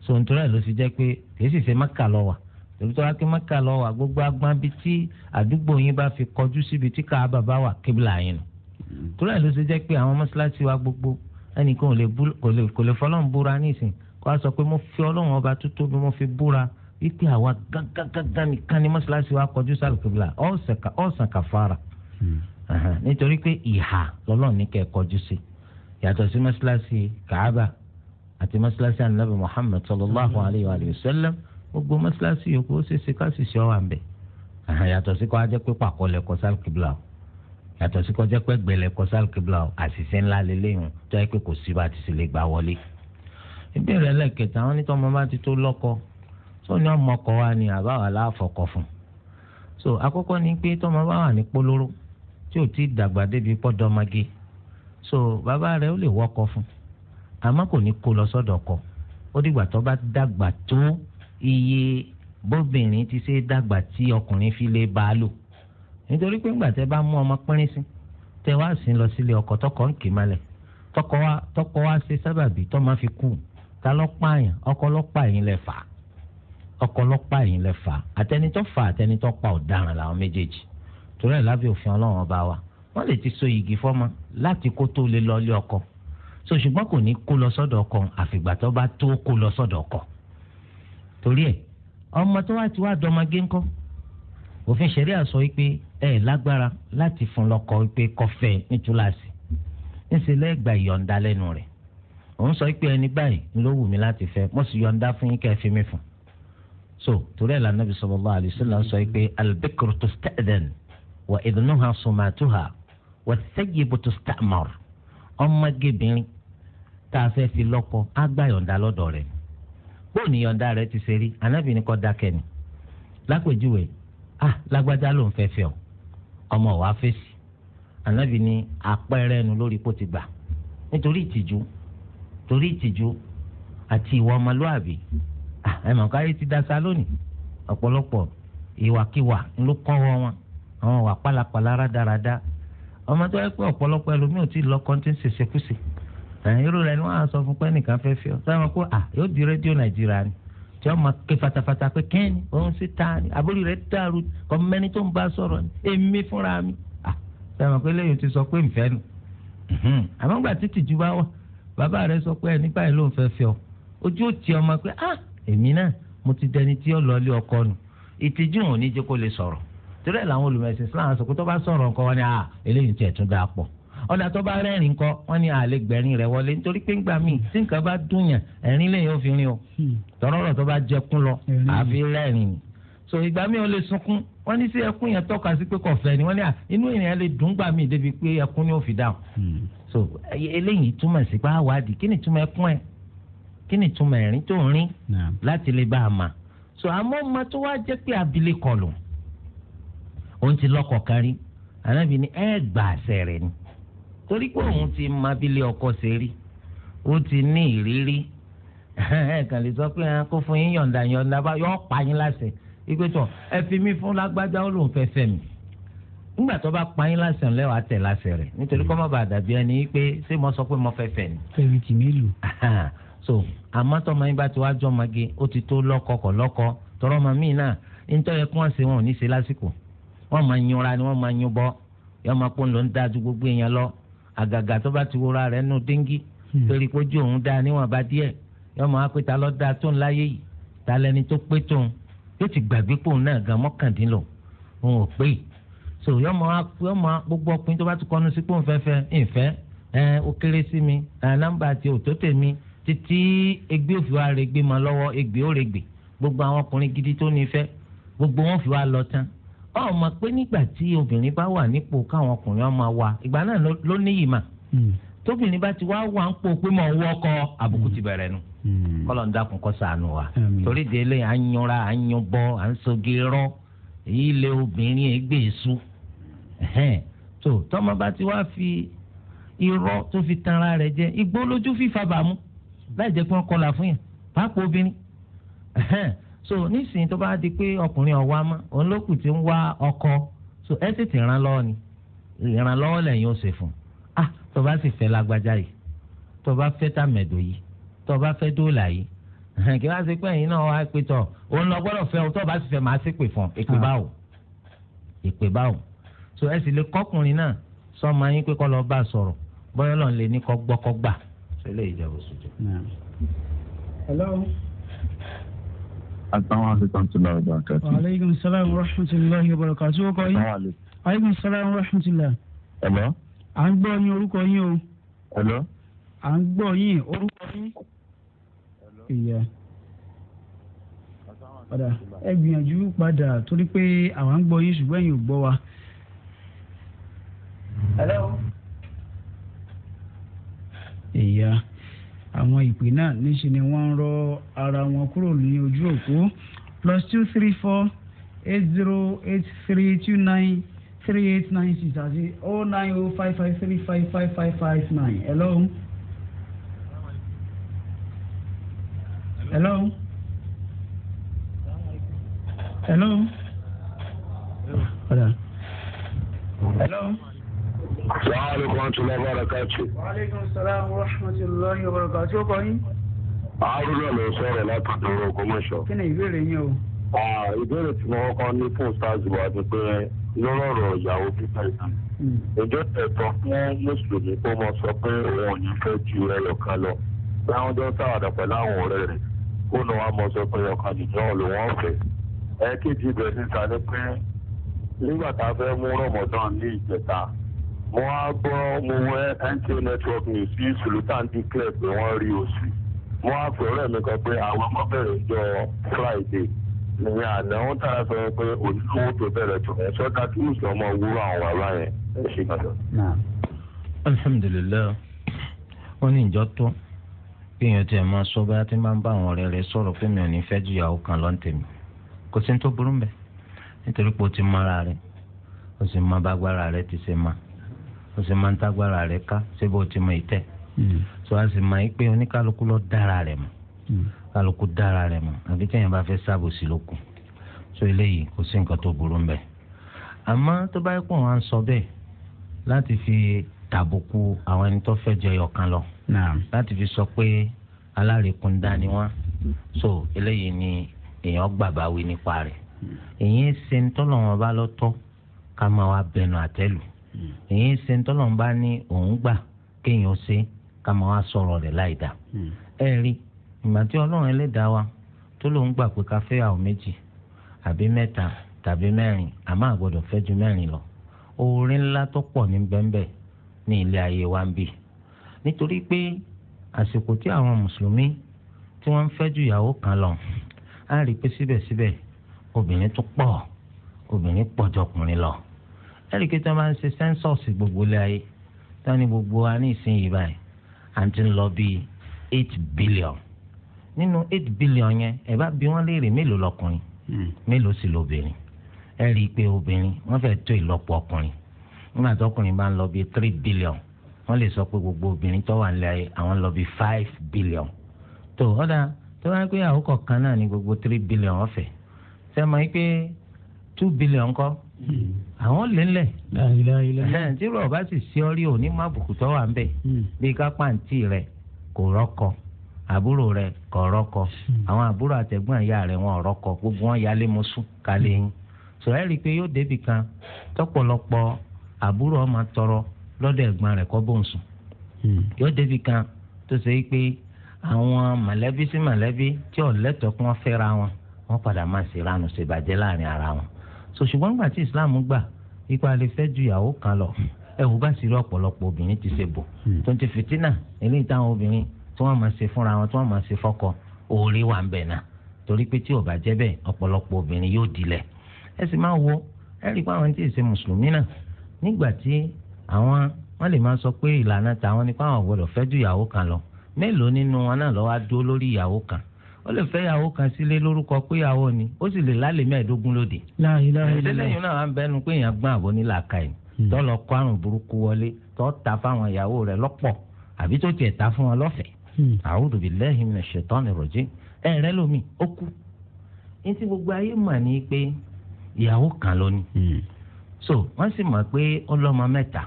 sòǹtúrà ló fi jẹ́ pé kì í sì ṣe Mẹ́kà lọ wà torí tó wá pé Mẹ́kà lọ wà gbogbo agbọn bíi tí àdúgbò yín bá fi kọjú síbi tí Káàbà bá wà kíbla yín nù torí ló ṣe jẹ́ pé àwọn mọ́ṣáláṣí wa gbogbo ẹnìkan kò lè fọlọ́run mo fi Ọlọ́run ọba mo fi wípé àwa gángangangan nìkan ni mọ́ṣáláṣí wa kọjú sálùkìbìlà ọ̀sán kàfàrà hmm. nítorí pé ìhà lọ́lọ́run ní kẹ́ kọjú sí yàtọ̀ sí mọ́ṣáláṣí kàábà àti mọ́ṣáláṣí anabi muhammed sallallahu alayhi wa sallam gbogbo mọ́ṣáláṣí yòókù ó ṣeéṣe ká sì ṣe ọ́ wà ń bẹ̀ yàtọ̀ sí kó a jẹ́ pé pàkọ́lẹ̀ kọ sálùkìbìlà o yàtọ̀ sí kọjá pé kibla àṣìṣe ńlá lélẹ́yìn tó yẹ pé kò sí bá ti sì lè gbà wọlé. ìbéèrè ẹlẹ́kẹta tó ní ọmọkọ wa ni àbá wà láàfọkọ fún so àkọ́kọ́ ni pé tọ́mọ bá wà ní polówó tí ò tí dàgbà débi pọ́dọ́mọge so bàbá rẹ̀ ó lè wọ́kọ fún àmọ́ kò ní kó lọ sọ́dọ̀ kọ ó dìgbà tó bá dàgbà tó iye bóbìnrin ti ṣe dàgbà tí ọkùnrin fi lè bá a lò nítorí pé ńgbà tẹ́ bá mú ọmọ pínrín sí tẹ́ wá sí lọ sílé ọkọ tọkọ ń kì í malẹ̀ tọkọ wa ṣe sábàbí tọ́ fi kú ta lọ́pàá yẹn ọkọ lọ́pàá yẹn lẹ ọ̀pọ̀lọpọ̀ yìí lè fà àtẹnitọ́ fà àtẹnitọ́ pa ọ̀daràn làwọn méjèèjì torí ẹ̀ lábẹ́ òfin ọlọ́run ọba wa wọ́n lè ti so igi fọ́mọ láti kó tó lè lọ ilé ọkọ so ṣùgbọ́n kò ní kó lọ sọ́dọ̀ ọkọ àfìgbà tó bá tó kó lọ sọ́dọ̀ ọkọ torí ẹ̀ ọmọ tó wá ti wá dọmọgé ńkọ́ òfin ṣẹ̀ríà sọ pé ẹ lágbára láti fún lọ́kọ pé kọfẹ́ nítúláàsì ńṣe lẹ́gbàá ìyọ̀ǹda lẹ́nu rẹ̀ òun sọ pé ẹni báyìí ló wù mí láti fẹ́ mo sì yọ̀ǹda fún yín kẹ́ fi mí fún un so torí ẹ̀ la nabi sallallahu alayhi wa sallam sọ pé albikru tusta'dhan wa idnuha sumatuha wa sayyibu tusta'mar ọmọgébìnrin tá a fẹ́ fi lọ́kọ á gbà yọ̀ǹda lọ́dọ̀ rẹ̀ bó ní yọ̀ǹda rẹ̀ ti ṣe rí anábì ní kọ́ dákẹ́ ni lápèjúwe ah lágbájá ló ń fẹ́ fẹ́ o ọmọ wa fèsì anábì ní àpẹẹrẹ ẹnu lórí kó ti gbà nítorí ìtìjú torí ìtìjú àti ìwà ọmọlúàbí Ah, ẹ mọ̀ káyé ti dasa lónìí ọ̀pọ̀lọpọ̀ ìwàkiwà ló kọ́ wọn wọn àwọn wà pálapàla rádaràda ọmọ tó yẹ pé ọ̀pọ̀lọpọ̀ ẹlòmíì ò tí ì lọ́kọ́ tí ń ṣèṣekúṣe ẹ̀yìn irú rẹ̀ ni wọ́n á sọ fún pé nìkan fẹ́ fi ọ́ sáwọn pé à yóò di rédíò nàìjíríà ni tí wọ́n máa ké fatafata pé kẹ́ni òun sì ta ni àbúrò rẹ̀ dàrú kọ́ mẹ́ni tó ń bá sọ̀rọ̀ ni èmi fúnra mi à sáwọn pé lẹ́yìn ti sọ pé nfẹ́ nu àmọ́ gbà títì ju bá wà bàbá rẹ̀ sọ pé ẹ̀ nígbà yẹn ló ń fẹ́ fi ọ ojú ò tí ọmọ pé ah èmi náà mo ti dẹni tí ó lọ ilé ọkọ nù ìtìjú òun ní jẹ́ kó lè sọ̀rọ̀ torí ẹ̀ làwọn olùmẹ̀sìn Islam sọ pé tó bá sọ̀rọ̀ nǹkan wọn ni à ah, eléyìí tiẹ̀ tún dáa pọ̀ ọ̀dà tó bá rẹ́rìn kọ́ wọ́n ní àlẹ́ ah, gbẹ̀rín rẹ̀ wọlé nítorí pé ńgbà míì tí nǹkan bá dùn yàn ẹ̀rín lẹ́yìn òfin o hmm. tọ́rọ̀rọ̀ tó bá jẹkún lọ àfi rẹ́rìn ni so ìgbà míì ó lè sunkún wọ́n ní sí ẹkún yẹn tọ́ka sí pé kò fẹ́ ni wọ́n ní à ah, inú ènìyàn lè dùn gbà míì débi pé ẹkún ni ó fi dáhùn hmm. so eléyìí túmọ̀ sí pé àwádìí kí ni túmọ̀ ẹkún ẹ kí ni túmọ̀ ẹ̀rín tó ń rín láti lè bá a mà so àmọ́ ọmọ tó wá jẹ́ pé abilékọ lò òun ti lọ́kọ kárí anábì ni ẹ gbà àṣẹ rẹ̀ ni torí pé òun ti mọ abilé ọkọ ṣe rí ó ti ní ìrírí ẹ kàn lè sọ pé kó fún yín yọ̀ǹda yọ̀ǹda bá yọ̀ pa yín láṣẹ ìgbé tó ẹ fi mí fún lágbájá ó lòun fẹ́ fẹ́ mi nígbà tó bá pa yín láṣẹ lẹ́wọ̀ àtẹ̀ láṣẹ rẹ̀ nítorí kọ́ mọ́ bàa ẹni pé ṣé mo sọ pé mo fẹ́ fẹ́ ni. fẹ́mi tì mí lù so àmọ́ tọ́mọ yín bá ti wá jọ mage ó ti tó lọ́kọ kọ̀ lọ́kọ tọrọ ọmọ míì náà nítorí yẹ kí wọ́n wọn ò ní ṣe lásìkò wọ́n máa yanra ni wọ́n ma yan bọ́ yọ máa pọ́n lọ ń dájú gbogbo èèyàn lọ àgàgà tó bá ti wọra rẹ̀ nù dengue hmm. torí pójú òun dáa níwọ̀n bá díẹ̀ yọ máa pé ta ló dáa tó ń láyé yìí ta lẹni tó pé tóun yóò ti gbàgbé pòun náà gan mọ́kàndínlọ́ òun ò pé so yọ mọ yọ mọ gbogbo ọkùnrin tó bá ti kọnu sí pòun fẹfẹ ìfẹ́ ẹ ó kéré sí mi ẹ nọ́mbà àti òtó tèmi títí ẹgbẹ́ òfin wa rẹ̀ gbé ma lọ́wọ́ ẹgbẹ́ ó rẹ̀ gbé gbogbo àwọn ọkùnrin gidi tó nífẹ̀ẹ́ gbogbo wọn fi wa lọ tán ọ pé nígbà tí obìnrin bá wà nípò káwọn ọkùnrin ọmọ wa ìgbà náà ló níyì mà hmm. tóbìnrin bá ti wá wà ń pò pé mọ̀ ń wọ́kọ àbùkù ti bẹ̀rẹ̀ nu hmm. kọ́lọ̀ ń dákun kọ́ sànù wa torí délé à ń yanra à ń yan bọ́ à ń soge rọ́ èyí lé obìnrin ègbè su tó tọ́mọ bá ti wá fi irọ́ tó fi tanra rẹ̀ jẹ igbó lójú fífa bàmú láì jẹ́ pé wọ́n kọlà fún yàn pàápàá obìnrin so nísìnyí tó bá di pé ọkùnrin ọ̀wá mọ́ òun ló kù ń wá ọkọ so ẹ tètè ràn lọ́wọ́ ni ràn lọ́wọ́ lẹ́yìn ó ṣe fún ah tó bá sì fẹ́ lágbájá yìí tó bá fẹ́ tàmẹ̀dò yìí tó bá fẹ́ dóòlà yìí kí wọ́n á ṣe pé ẹ̀yin náà wá pé tọ̀ òun lọ gbọ́dọ̀ fẹ́ tó bá sì fẹ́ màá sì pè fún ìpè ah. báwò ìpè báwò so ẹ sì lè kọ́kùnrin náà sọ́mọ yín pé kọ́ lọ́ọ́ bá sọ̀rọ̀ bọ́yọ́ lọ́n lè ní kọ́ gbọ́kọ́ gbà sẹlẹ̀ ìjàbọ̀ sójú. hello. àtàwọn àṣetàn tó lọ bá kàtó. aleykum salaam wa rahmatulahi wa barakatu. o kọ yín. aleykum salaam wa rahmatulahi. hello. à ń gbọ́ yín orúkọ yín o. hello. à ń gbọ́ yín orúkọ yín. ìyá padà ẹ gbìyànjú padà torí pé àwa ń gbọ́ yín ṣùgbọ́n ẹ̀yin ò gbọ́ wa. hello ẹ̀yà àwọn ìpè náà níṣe ni wọ́n ń rọ ara wọn kúrò ní ojú òpó plus two three four eight zero eight three two nine three eight nine six àti oh nine oh five five three five five five five nine hello. hello. hello. hello. hello. Wàhálùkọ́ tó lọ bára káàtì. Wàhálùkọ́ sàlámù rahmatulahi wa barakatuh. Ó kọ́ yín. Àárúnà ló sọ̀rọ̀ látàdúró Ògbómọ̀ṣọ́. Kí ni ìbéèrè yín o? Ìbéèrè tí mo kọ́kọ́ ní fún SARS wà ni pé lọ́rọ̀ ọ̀rọ̀ ìyàwó pípa ìtàn. Ìjọ ẹ̀tọ́ fún Mùsùlùmí kó mọ sọ pé òun ò ní fẹ́ ju ẹlọ́kan lọ. Táwọn jọ sáwàdà pẹ̀lú àwọn ọ̀rẹ́ rẹ̀ kó lọ wá mọ sọ pé ọkàn nìjọ́ lòun ọ̀fẹ́. Ẹ kéjì bẹ̀rẹ̀ síta ni pé nígbà tá a fẹ́ mú Rọ̀mọ̀dán ní ìjẹta mo wá gbọ́ mo wọ NTA network news bí sultan declare pé wọ́n rí oṣù mo wá pè ọ̀rẹ́ mi kan pé àwọn ọmọ bẹ̀rẹ̀ jọ Friday ìyẹn àná wọn tààrà sọ pé olùkówó tó bẹ̀rẹ̀ tó yẹn sọ́dá kí mùsùlùmí ọmọ òwúrọ̀ àwọn wàhálà yẹn ẹ ṣe gbàdọ̀. alhamdulilayi wọn ní ìjọ tó kéèyàn tiẹ̀ máa sọ bá ti máa ń bá àwọn ọ̀rẹ́ rẹ sọ̀rọ̀ fún mi ò ní fẹ́ ju ìyàwó kan lọ́ntẹ̀mí kò sí ní tó burú mbẹ́ nítorí pé o ti mọ ara rẹ o sì mọ bá agbára rẹ ti ṣe máa ó sì máa ń tágbára rẹ̀ ká ṣé bó ti mọ ìtẹ́ mm. so a sì máa ń pé oníkálukú lọ dára rẹ̀ mọ̀ mm. kálukú dára rẹ̀ mọ̀ àbí tẹ̀yìn bá fẹ́ sábòsí lókun so eléyìí kò sí nǹkan tó burú ń bẹ̀ àmọ́ tó bá yẹ kó wọn sọ bẹ́ẹ̀ láti fi tàbùkù àwọn ẹni tó fẹ́ jẹyọ kan lọ láti fi sọ pé alárekúndá ni wọn so eléyìí ni èèyàn gbàgbà wí nípa rẹ̀ mm. èyí ń ṣe ń tọ́lọ̀ wọn bá lọ́tọ́ ká máa wá bẹnu àtẹ́lù èyí ṣe ń tọ́lọ̀ ń bá ní òun gbà kéèyàn ṣe ká máa wá sọ̀rọ̀ rẹ̀ láì dá. Hmm. ẹ rí ìgbà tí ọlọ́run ẹlẹ́dàá wa tó lòun gbà pé ká fẹ́ àwọn méjì àbí mẹ́ta tàbí mẹ́rin àmọ́ àgbọ́dọ̀ fẹ́ ju mẹ́rin lọ oore ńlá tó pọ̀ ní bẹ́ńbẹ́ ní ilé ayé wa ń bì nítorí pé àsìkò tí àwọn mùsùlùmí tí wọ́n ń fẹ́ ju ìyàwó kan lọ á rí i pé síbẹ̀síbẹ̀ obìnrin tó pọ̀ obìnrin pọ̀ jọkùnrin lọ ẹ̀rí kí tí wọ́n máa ń ṣe sẹ́ńsọ̀sì gbogbo ilé ayé tí ní gbogbo wa ní ìsinyìí báyìí à ń ti lọ bíi eight billion nínú eight billion yẹn ẹ bá bí wọ́n léèrè mélòó lọkùnrin hmm. mélòó sì lóbìnrin ẹ rí i pé obìnrin wọ́n fẹ́ tó ìlọ́po ọkùnrin nígbà tó ọkùnrin bá ń lọ bíi three billion wọ́n lè sọ pé gbogbo obìnrin tó wà ń lé ayé àwọn lọ bíi five billion tó ọ̀dà tó wáyé pé àwòkọ̀ kan náà ní gbogbo three billion ọ̀fẹ́ sẹ́mi pé two billion kọ́. Hmm àwọn lè lẹ tí rọ bá sì sí ọrí òní má bùkútọ wà ń bẹ hmm. bí ká pàǹtí rẹ kò rọkọ àbúrò rẹ kò rọkọ hmm. àwọn àbúrò àtẹ̀gbọ́n ìyá rẹ wọn rọkọ gbogbo wọn yálé mo sùn kálẹ̀ yín sọ ẹ rí i pé yóò débi kan tọ́pọ̀lọpọ̀ àbúrò ọmọ tọrọ lọ́dọ̀ ẹ̀gbọ́n rẹ kọ bóun sùn hmm. yóò débi kan tó ṣe é pé àwọn mọ̀lẹ́bí sí mọ̀lẹ́bí tí ò lẹ́tọ̀ọ́ kí wọn fẹ́ra wọn padà máa ṣèrànù ṣèbàjẹ́ láàrin ara wọn so ṣùgbọ́n nígbà tí islam gbà ipa lè fẹ́ ju ìyàwó kan lọ ẹ wò bá sì rí ọ̀pọ̀lọpọ̀ obìnrin ti ṣe bò hmm. tó ń ti fìtínà eléyìí táwọn obìnrin tí wọ́n máa ṣe fúnra wọn tí wọ́n máa ṣe fọ́kọ òòrè wà ń bẹ̀ náà torí pé tí ò bá jẹ́ bẹ́ẹ̀ ọ̀pọ̀lọpọ̀ obìnrin yóò dilẹ̀ ẹ sì máa wo ẹ rí i pé àwọn tí ì ṣe mùsùlùmí náà nígbà tí àwọn wọn lè máa sọ pé ìlànà tàwọn ni pé àwọn ó lè fẹ́ yàwó kan sílé lórúkọ pé yàwó ni ó sì lè lálẹ́ mẹ́ẹ̀ẹ́dógún lóde. ìdílẹ́yìn náà à ń bẹnu pé èèyàn gbọ́n àbọ̀ nílà ka ẹ̀ hmm. tọ́lọ kó àrùn burúkú wọlé tọ́ ta fáwọn ìyàwó rẹ̀ lọ́pọ̀ àbí tó tiẹ̀ ta fún wọn lọ́fẹ̀ẹ́. Hmm. a'udhu billahi minash shaitani rajim ẹ̀rẹ́ lomi ó kú. ní ti gbogbo ayé mà ní pé ìyàwó kan ló ní. Hmm. so wọ́n sì mọ̀ pé ó lọ́mọ mẹ́ta.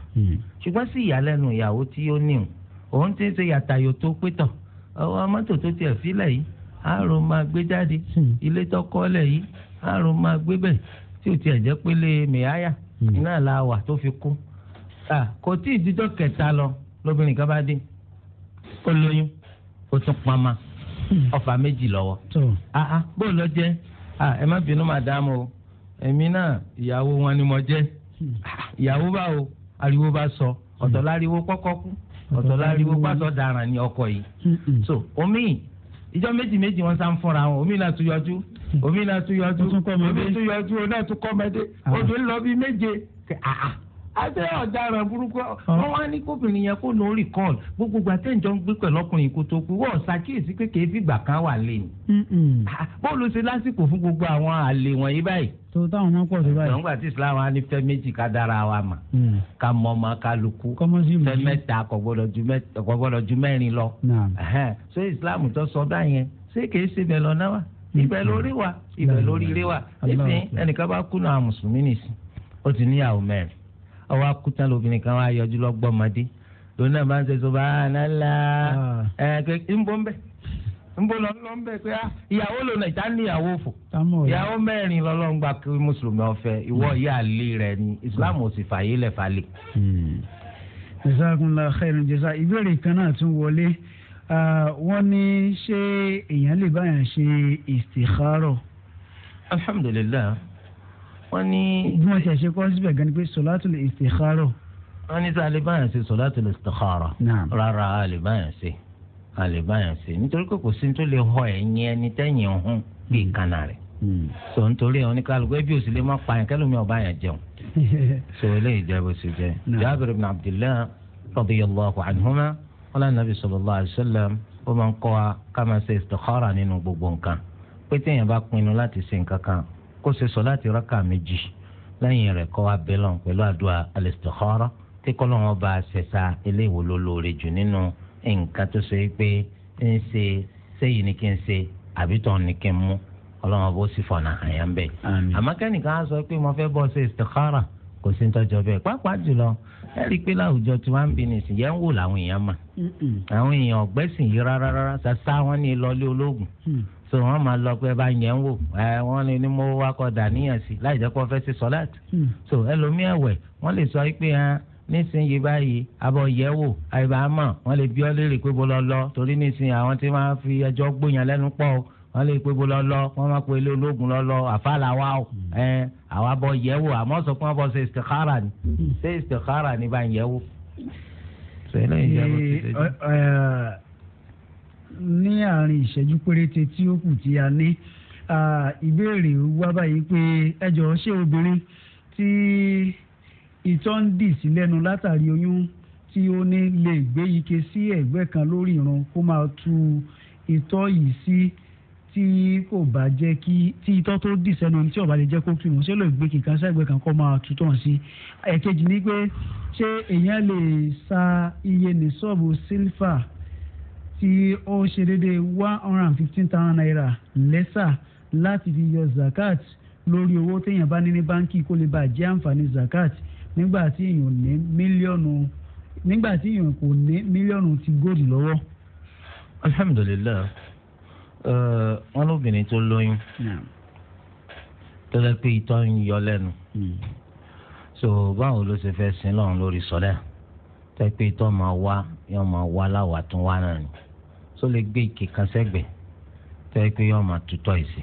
ṣùgbọ́n sí ìyàlẹ́nu ìyàwó tí ó níhùn òun ti ń ṣe yàtàyò tó pétọ̀ ọmọ mọ́tò tó tiẹ̀ fílẹ̀ yìí àrùn máa gbé jáde hmm. ilé tọkọ́lẹ̀ yìí àrùn máa gbé bẹ̀ tí ò tiẹ̀ jẹ́ pélé mìáyà hmm. iná la wà tó fi kú kò tí ì dídọ́ kẹta lọ lóbìnrin kan bá dé ó lóyún ó tún pamá hmm. ọfà méjì lọ́wọ́ bó lọ jẹ́ ẹ má bínú màdámù o èmi náà ìyàwó wọn ni mo jẹ́ ìyàwó bá o, ariwo bá sọ ọ̀tọ̀ láriwo kọ́kọ́ kú ọ̀tọ̀ láriwo pásọ̀ dáràn ní ọkọ yìí so omi ìjọ méjì méjì wọn sá ń fúnra wọn omi náà tún yọjú omi náà tún yọjú omi tún yọjú omi náà tún kọ́mọdé ah. odò ńlọ bíi méje Ah. ah àti ọ̀daràn burúkú wọn wá ní kóbìnrin yẹn kó lọ rí kọ́ọ̀lù gbogbo gba tẹ́ǹjọ́ ń gbé pẹ̀lú ọkùnrin kó tó kú wọ́n ṣàkíyèsí pé kèé fìgbà kan wà lé ni. Ah, bóòlù ṣe lásìkò fún gbogbo àwọn àlè wọ̀nyí báyìí. tó táwọn máa pọ̀ sí báyìí. ìgbà tí Islam á ní fẹ́ méjì ká dára wa mà mm. ká mọ ọmọ kálukú fẹ́ mẹ́ta kò gbọ́dọ̀ ju mẹ́rin lọ. ṣé Islam tó sọ bá yẹn ṣé kèé mm. wa ibẹ̀ lórí ilé wa ẹnìkan bá kùnà àwọn mùsùlùmí nìsín ó ti ọwọ́ akúta lóbìnrin kan wá yọjú lọ́gbọ́n ọmọdé lónìí náà bá ń ṣe subhanallah ẹ̀ ah. ẹ̀ ń bọ́ ń bẹ̀ nbọ lọ lọ bẹ pé ah, ìyàwó lò náà ìta níyàwó fò ìyàwó mẹ́rin lọlọrun gba kí mùsùlùmí ọ̀fẹ́ ìwọ hmm. ìyá àlè rẹ ni islam ò sì fààyè lẹ falẹ. Hmm. jazakumullahu khairan jesa ìbéèrè kan náà tún wọlé ah, wọ́n ní ṣé èèyàn lè báyàn ṣe istikharo. alhamdulilayi wọ́n ní. bí wọ́n ṣe ṣe kọ́ síbẹ̀ gan ni pé sọ̀látùlù istikhara. wọ́n ní sáà alibáyàn ṣe sọ̀látùlù istikhara. rárá alibáyàn ṣe alibáyàn ṣe nítorí pé kò sí tó lè họ ẹ̀yìn ẹni tẹ́yìn ọ̀hún bí hmm. kànáà rẹ̀. Hmm. sọ nítorí ẹ̀ oníkálukú ẹbí òsì lè má pa yẹn kẹ́lómi ọba yẹn jẹun. sọ eléyìí jẹ́ bó ṣe jẹ́. Jabir ibn Abdillah radiyallahu anhuma wala nabi sallallahu alayhi wa kó ṣe sọ̀láàtì rákà méjì lẹ́yìn rẹ̀ kó wá bẹ lọ́n pẹ̀lú àdúrà al-istikhara tí kọ́lọ́hún ọba ṣẹ̀ṣà eléwo ló lóore jù nínú nǹkan tó ṣe pé ń ṣe sẹ́yìn ni kí n ṣe àbí tọ̀ ni kí n mú ọlọ́run ọba ó sì fọ̀nà àyàn bẹ́ẹ̀. àmọ́ kẹ́nìkan á sọ pé mo fẹ́ bọ́ ṣe istikhara kò sí tọ́jọ́ bẹ́ẹ̀ pàápàá jùlọ ẹ rí i pé láwùjọ tí wọ́n ń bí nìsín yẹn ń wò láwọn èèyàn mà àwọn èèyàn ọ̀gbẹ́sìn yìí rárá rárá sàṣà wọn ní lọlé ológun hmm so wọn máa lọ pé bá yẹn wò ẹ wọn ní ní mo wá kọ dàníyàn sí láì jẹ́ kó fẹ́ sí sọ́láàtì hmm. so ẹlòmíì ẹ̀wẹ̀ wọ́n lè sọ pé ẹ nísìnyí báyìí abọ́ yẹ̀ wò àìbámọ̀ wọ́n lè bí ọ léèrè pé bó lọ lọ torí nísìnyí àwọn tí wọ́n fi ẹjọ́ gbóyan lẹ́nu pọ̀ o wọ́n lè pé bó lọ lọ wọ́n máa pe ilé ológun lọ lọ àfàlà wa o hmm. ẹ àwọn abọ́ yẹ̀ wò àmọ́ sọ pé wọ́n bọ́ ṣe istikhara ni hmm. ṣe istikhara ni bá yẹ̀ wò. sọ eléyìí jẹ́ ti ṣe jẹ́ ní àárín ìṣẹ́jú péréte tí ó kù tí a ní ìbéèrè wá báyìí pé ẹ jọ̀ọ́ ṣé obìnrin tí ìtọ́ ń dì sí lẹ́nu látàrí oyún tí ó ní lè gbé ike sí ẹ̀gbẹ́ kan lórí irun kó máa tu ìtọ́ yìí sí tí kò bá jẹ́ kí tí ìtọ́ tó dì sẹ́nu tí ó bá lè jẹ́ kó kírun ṣé lè gbé kíkan sẹ́gbẹ́ kan kó máa tutọ̀ sí ẹ̀kejì ni pé ṣé èèyàn lè sa iye ní ṣọ́ọ̀bù sílfà tí ó ṣe déédéé one hundred and fifteen thousand naira lẹ́sà láti fi yọ zakat lórí owó téèyàn bá ní ní báńkì kó lè bàa jẹ́ àǹfààní zakat nígbà tí èèyàn ní mílíọ̀nù nígbà tí èèyàn kò ní mílíọ̀nù ti góòdì lọ́wọ́. alhamdulilayi uh, wọn lóbìnrin tó lóyún tọ́lá pé ìtọ́ ń yọ lẹ́nu hmm. so báwo ló ṣe fẹ́ sin lọ́run lórí sọ́lẹ̀ tẹ́ pé ìtọ́ máa wá yóò máa wá láwàá tún wá náà ni ó lè gbé ike kan sẹ́gbẹ̀ẹ́ tó yẹ pé yóò máa tutọ́ ìsì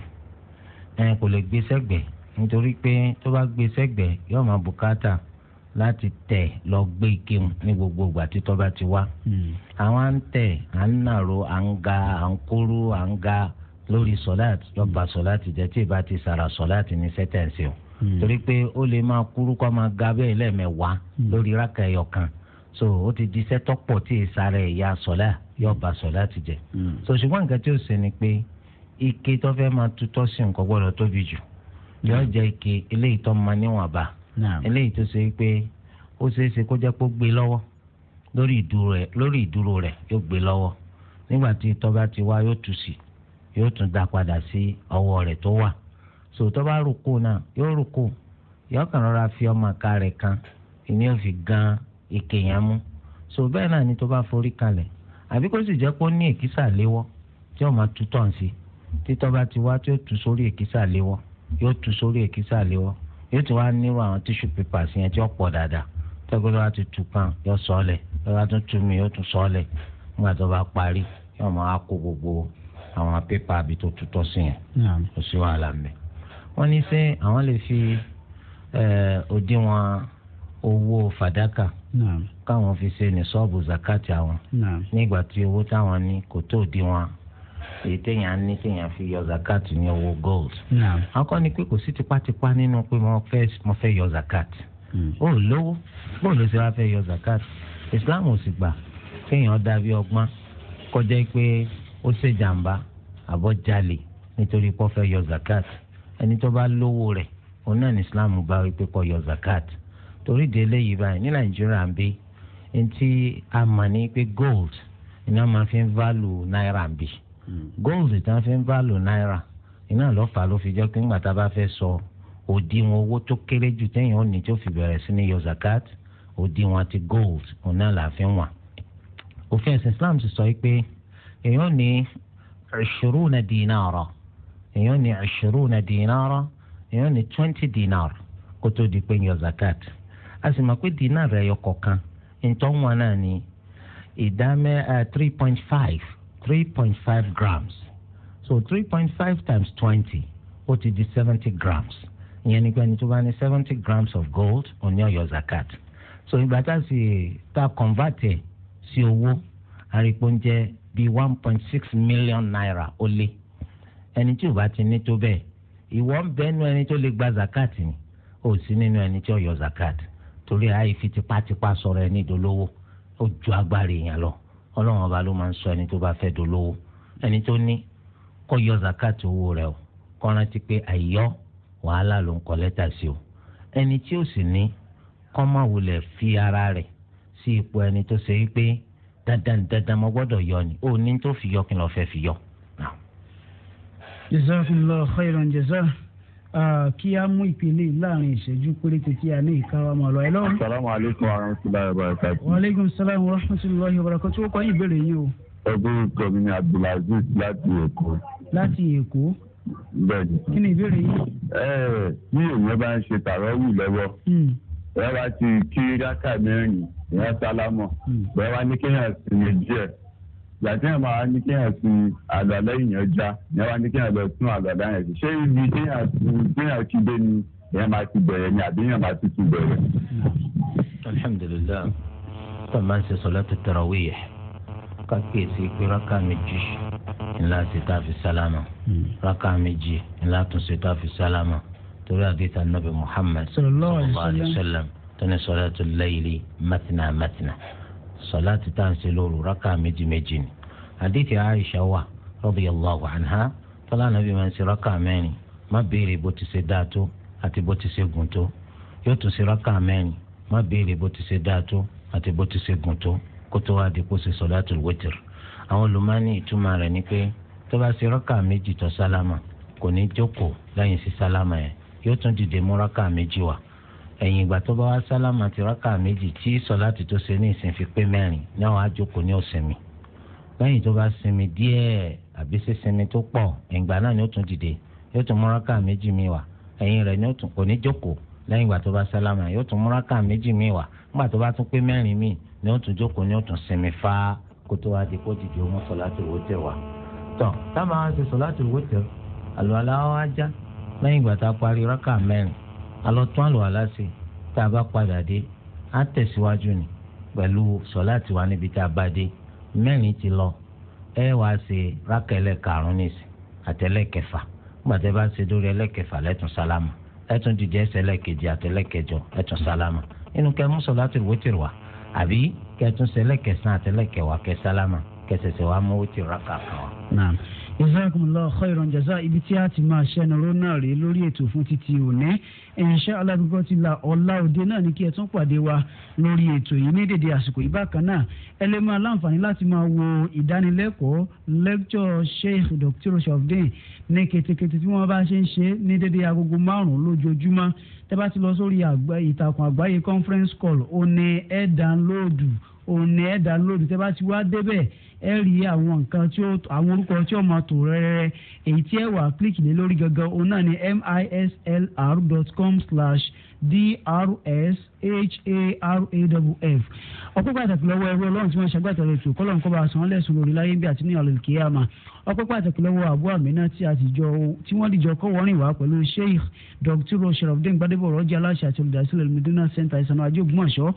ẹ̀ kò lè gbé sẹ́gbẹ̀ẹ́ nítorí pé tó bá gbé sẹ́gbẹ̀ẹ́ yóò máa bùkátà láti tẹ̀ lọ gbé ike ní gbogbo ìgbà títọ́ bá ti wá. àwọn hmm. à ń tẹ̀ à ń nàró à ń ga à ń kúrú à ń ga lórí sọláàtì lọ́ba sọláàtì jẹ́ tí ìbá ti sàrà sọláàtì ní sẹ́tẹ̀ǹsì o. Hmm. torí pé ó lè máa kúrú kó máa ga bẹ́ẹ̀ lẹ́ẹ̀mẹ̀wá hmm. lórí rákà kan so ó ti di sẹ́tọ́pọ̀ tí ì sàrà ẹ̀yà yóò bá sọ láti jẹ hmm. so ṣùgbọ́n nǹkan tí ó ṣe ni pé ike tó fẹ́ máa tutọ́ sí nǹkan gbọ́dọ̀ tóbi jù hmm. ike eléyìí tó máa níwọ̀nba eléyìí tó ṣe pé ó ṣeé ṣe kó jẹ́ kó gbé lọ́wọ́ lórí ìdúró rẹ̀ yóò gbé lọ́wọ́ nígbà tí tó bá ti wá yóò tù sí yóò tún dá padà sí ọwọ́ so tó bá náà yóò fi ọmọ ká rẹ̀ kan so bẹ́ẹ̀ náà ni tó bá forí àbí kó sì jẹ́ kó ní èkísà léwọ́ tí ó máa tutọ̀ sí títọ́ bá ti wá tí ó tu sórí èkísà léwọ́ yóò tu sórí èkísà léwọ́ yóò ti wá nírú àwọn tíṣù pépà sí yẹn tí ó pọ̀ dáadáa tẹ́gbẹ́ bá ti tu kan yóò sọ́ọ̀lẹ̀ bá tún tu mi yóò tún sọ́ọ̀lẹ̀ nígbà tó bá parí yóò máa kó gbogbo àwọn pépà àbí tó tutọ́ sí yẹn kò sí wàhálà mẹ́ wọ́n ní sẹ́ àwọn lè fi eh, òdiwọ̀n owó fàdákà káwọn fi ṣe ní sọ́ọ̀bù zakati àwọn nígbà tí owó táwọn ní kò tó di wọn èyí téèyàn ní téèyàn fi yọ zakati ní owó gold. akọ́ ni pé kò sí tipátipá nínú pé mo fẹ́ yọ zakati hmm. ó lówó bó ló ṣe wá fẹ́ yọ zakati Islam ò sì gbà kéèyàn dàbí ọgbọ́n kọjá pé ó ṣe jàǹbá àbọ̀ nítorí pé ó fẹ́ yọ zakati ẹni tó bá lówó rẹ̀ òun náà ní Islam bá wípé kó yọ zakati torí de eléyìí báyìí ní nàìjíríà ń bí ntí a mọ̀ ní pé gold iná máa fi ń válù náírà ń bí hmm. gold tí wọ́n fi ń válù náírà iná lọ́fà ló fi jẹ́ pé ńgbà tá a bá fẹ́ sọ òdiwọ̀n owó tó kéré jù téèyàn ò ní tó fi bẹ̀rẹ̀ sí ní yọ òdiwọ̀n ti gold òun náà là fi ń wà. òfin ẹ̀sìn Islam ti sọ pé èèyàn ní ishiruna dinara èèyàn ní ishiruna dinara èèyàn ní twenty dinar kó tó di pé yọ a sì mọ̀ pé dínà rẹ̀ yọ kọ̀ọ̀kan nítorí wọn náà ni ìdá mẹ́ three point five three point five grams so three point five times twenty ó ti di seventy grams ìyẹn ni pé ẹni tó bá ní seventy grams of gold òní ọ̀yọ́ zakat so ìgbà tá a sì ta convert ẹ̀ sí owó àrípò ń jẹ́ bíi one point six million naira ó lé ẹni tí ò bá ti ní tó bẹ́ẹ̀ ìwọ bẹ́ẹ̀ nínú ẹni tó lè gba zakat ni ò sí nínú ẹni tí ó zakat torí àìfi tipátipá sọ̀rọ̀ ẹni dolówó ó ju agbára èèyàn lọ ọlọ́run ọba ló máa ń sọ ẹni tó bá fẹ́ dolówó ẹni tó ní kó yọ zakati owó rẹ̀ o kó rántí pé àìyọ wàhálà ló ń kọ lẹ́tà sí o ẹni tí ó sì ní kó má wulẹ̀ fi ara rẹ̀ sí ipò ẹni tó ṣe wípé dandan dandan mo gbọ́dọ̀ yọ ni ó ní tó fi yọ kí n lọ́ọ́ fẹ́ fi yọ. jazakumullahu khairan jazaa kí a mú ìpele láàrin ìṣẹ́jú péréte tí a ní ìkáwá máa lọ ẹ lọ́wọ́. salaamaleykum wa rahmatulahi wa barakatu. wa aleykum salaam wa rahmatulahi wa barakatu. tí ó yín ìbéèrè yín o. ẹgbẹ́ ìkọ́ mi ni abdulaziz láti èkó. láti èkó. bẹ́ẹ̀ni. kí ni ìbéèrè yín. ẹẹ bí èèyàn bá ń ṣe tàrọ́wì lọ́wọ́ ẹ hmm. wá ti kí rákà mẹ́rin ìyá sálámọ̀ bẹ́ẹ̀ hmm. wá ní kéèyàn sinmi díẹ̀ gbàtí ẹ̀ máa ní kí ẹ̀ fi àgbàdo èèyàn já ẹ̀ máa ní kí ẹ̀ bẹ̀ tún àgbàdo yẹn sí ṣé ibi kí ẹ̀ kí ẹ̀ kí dé ni ẹ̀ máa ti bẹ̀rẹ̀ ni àbí ẹ̀ máa ti tún bẹ̀rẹ̀. alhamdulilayi tó máa ń ṣe sọlá tó tẹ̀rọ wíyẹ ká kíyèsí pé rákà méjì ńlá ti tá a fi sálámà hmm. rákà méjì ńlá tún ṣe tá a fi sálámà torí àdìtà nàbì muhammad sallallahu alayhi wa sallam tó ní sọlá tó lẹ́yìn sọlá ti tá à ń ṣe lóru rákà méjì méjì ni àdìtì Aisha wà radiyallahu anha tọ́lá nàbí máa ń ṣe rákà mẹ́rin má béèrè bó ti ṣe dáa tó àti bó ti ṣe gùn tó yóò tún ṣe rákà mẹ́rin má béèrè bó ti ṣe dáa tó àti bó ti ṣe gùn tó kó tó wá di kó ṣe sọlátul witr àwọn olùmọ́ni ìtumọ̀ rẹ̀ ni pé tó bá ṣe rákà méjì tó sálámà kò ní jókòó lẹ́yìn sí sálámà yẹn yóò tún dìde mú rákà méjì wá ẹ̀yìn ìgbà tó bá wá sálámà ti rákà méjì tí sọláàtì tó ṣe ní ìsìn fi pé mẹ́rin ní àwọn àjòkò ní òsinmi lẹ́yìn tó bá sinmi díẹ̀ àbí sísinmi tó pọ̀ ìgbà náà ni ó tún dìde yóò tún mú rákà méjì mi wá ẹ̀yìn rẹ̀ ni ó tún kò ní jókòó lẹ́yìn ìgbà tó bá sálámà yóò tún mú rákà méjì mi wá nígbà tó bá tún pé mẹ́rin mi ni ó tún jókòó ni ó tún sinmi fá kó tó wá di kó dìde ó mú sọláàtì wòtẹ́ wá. tọ́ táwọn àwọn ṣe sọláàtì wòtẹ́ àlùwàlá wa já lẹ́yìn ìgbà tá a parí rákà mẹ́rin alọ́tún àlọ́ aláṣẹ tá a bá padà dé á tẹ̀síwájú ni pẹ̀lú sọ̀láàtì wa níbi tá a bá dé mẹ́rin ti lọ ẹ wá ṣe rákẹ́lẹ̀ karùn-ún nìsín àtẹlẹ́kẹfà gbàtẹ́ bá ṣe dórí ẹlẹ́kẹfà lẹ́tún sálámà ẹtún dìde ẹsẹ ẹlẹ́kejì àtẹlẹ́kẹjọ ẹtún sálámà inú kẹ mú sọ̀láàtì wótìrì wa àbí kẹtún ṣẹlẹ́kẹsán àtẹlẹ́kẹwà kẹ sálámà kẹsẹsẹ wa mú wótìrì rákà kan wa jazakumullahu khairan jaza ibi tí a ti máa ṣẹnu rónà rèé lórí ètò fún títí òní insha Allah ti la ọlá òde náà ní kí ẹ tún pàdé wa lórí ètò yìí ní dèdè àsìkò yìí bákan náà ẹ lè máa láǹfààní láti máa wo ìdánilẹ́kọ̀ọ́ lecture sheikh dr shafdin ní ketekete tí wọ́n bá ṣe ń ṣe ní dèdè agogo márùn-ún lójoojúmọ́ tẹ́ bá ti lọ sórí ìtàkùn àgbáyé conference call ó ní ẹ̀ dáńlóòdù òní ẹ̀dá lóòdù tẹ́ bá ti wá débẹ̀ ẹ rí àwọn nǹkan tí ó àwọn orúkọ tí ó máa tò rẹ́rẹ́ èyí tí ẹ wà kílíkì lé lórí gangan òun náà ni mislr dot com slash drsharawf ọpẹ́ pàtàkì lọ́wọ́ ẹrú ọlọ́run tí wọ́n ṣàgbàtàrà ètò kọ́lọ́n kọ́ bá san lẹ́sùn lórí láyé bí àti ní ọ̀lẹ́ kíyàmá ọpẹ́ pàtàkì lọ́wọ́ àbú àmínà tí àtijọ́ tí wọ́n dìjọ kọ́ wọ́rin wá pẹ̀lú sheikh dr sharafdin gbadebo rọ́jà aláṣẹ àti olùdásílẹ̀ medina center ìsànà ajé ògbómọ̀ṣọ́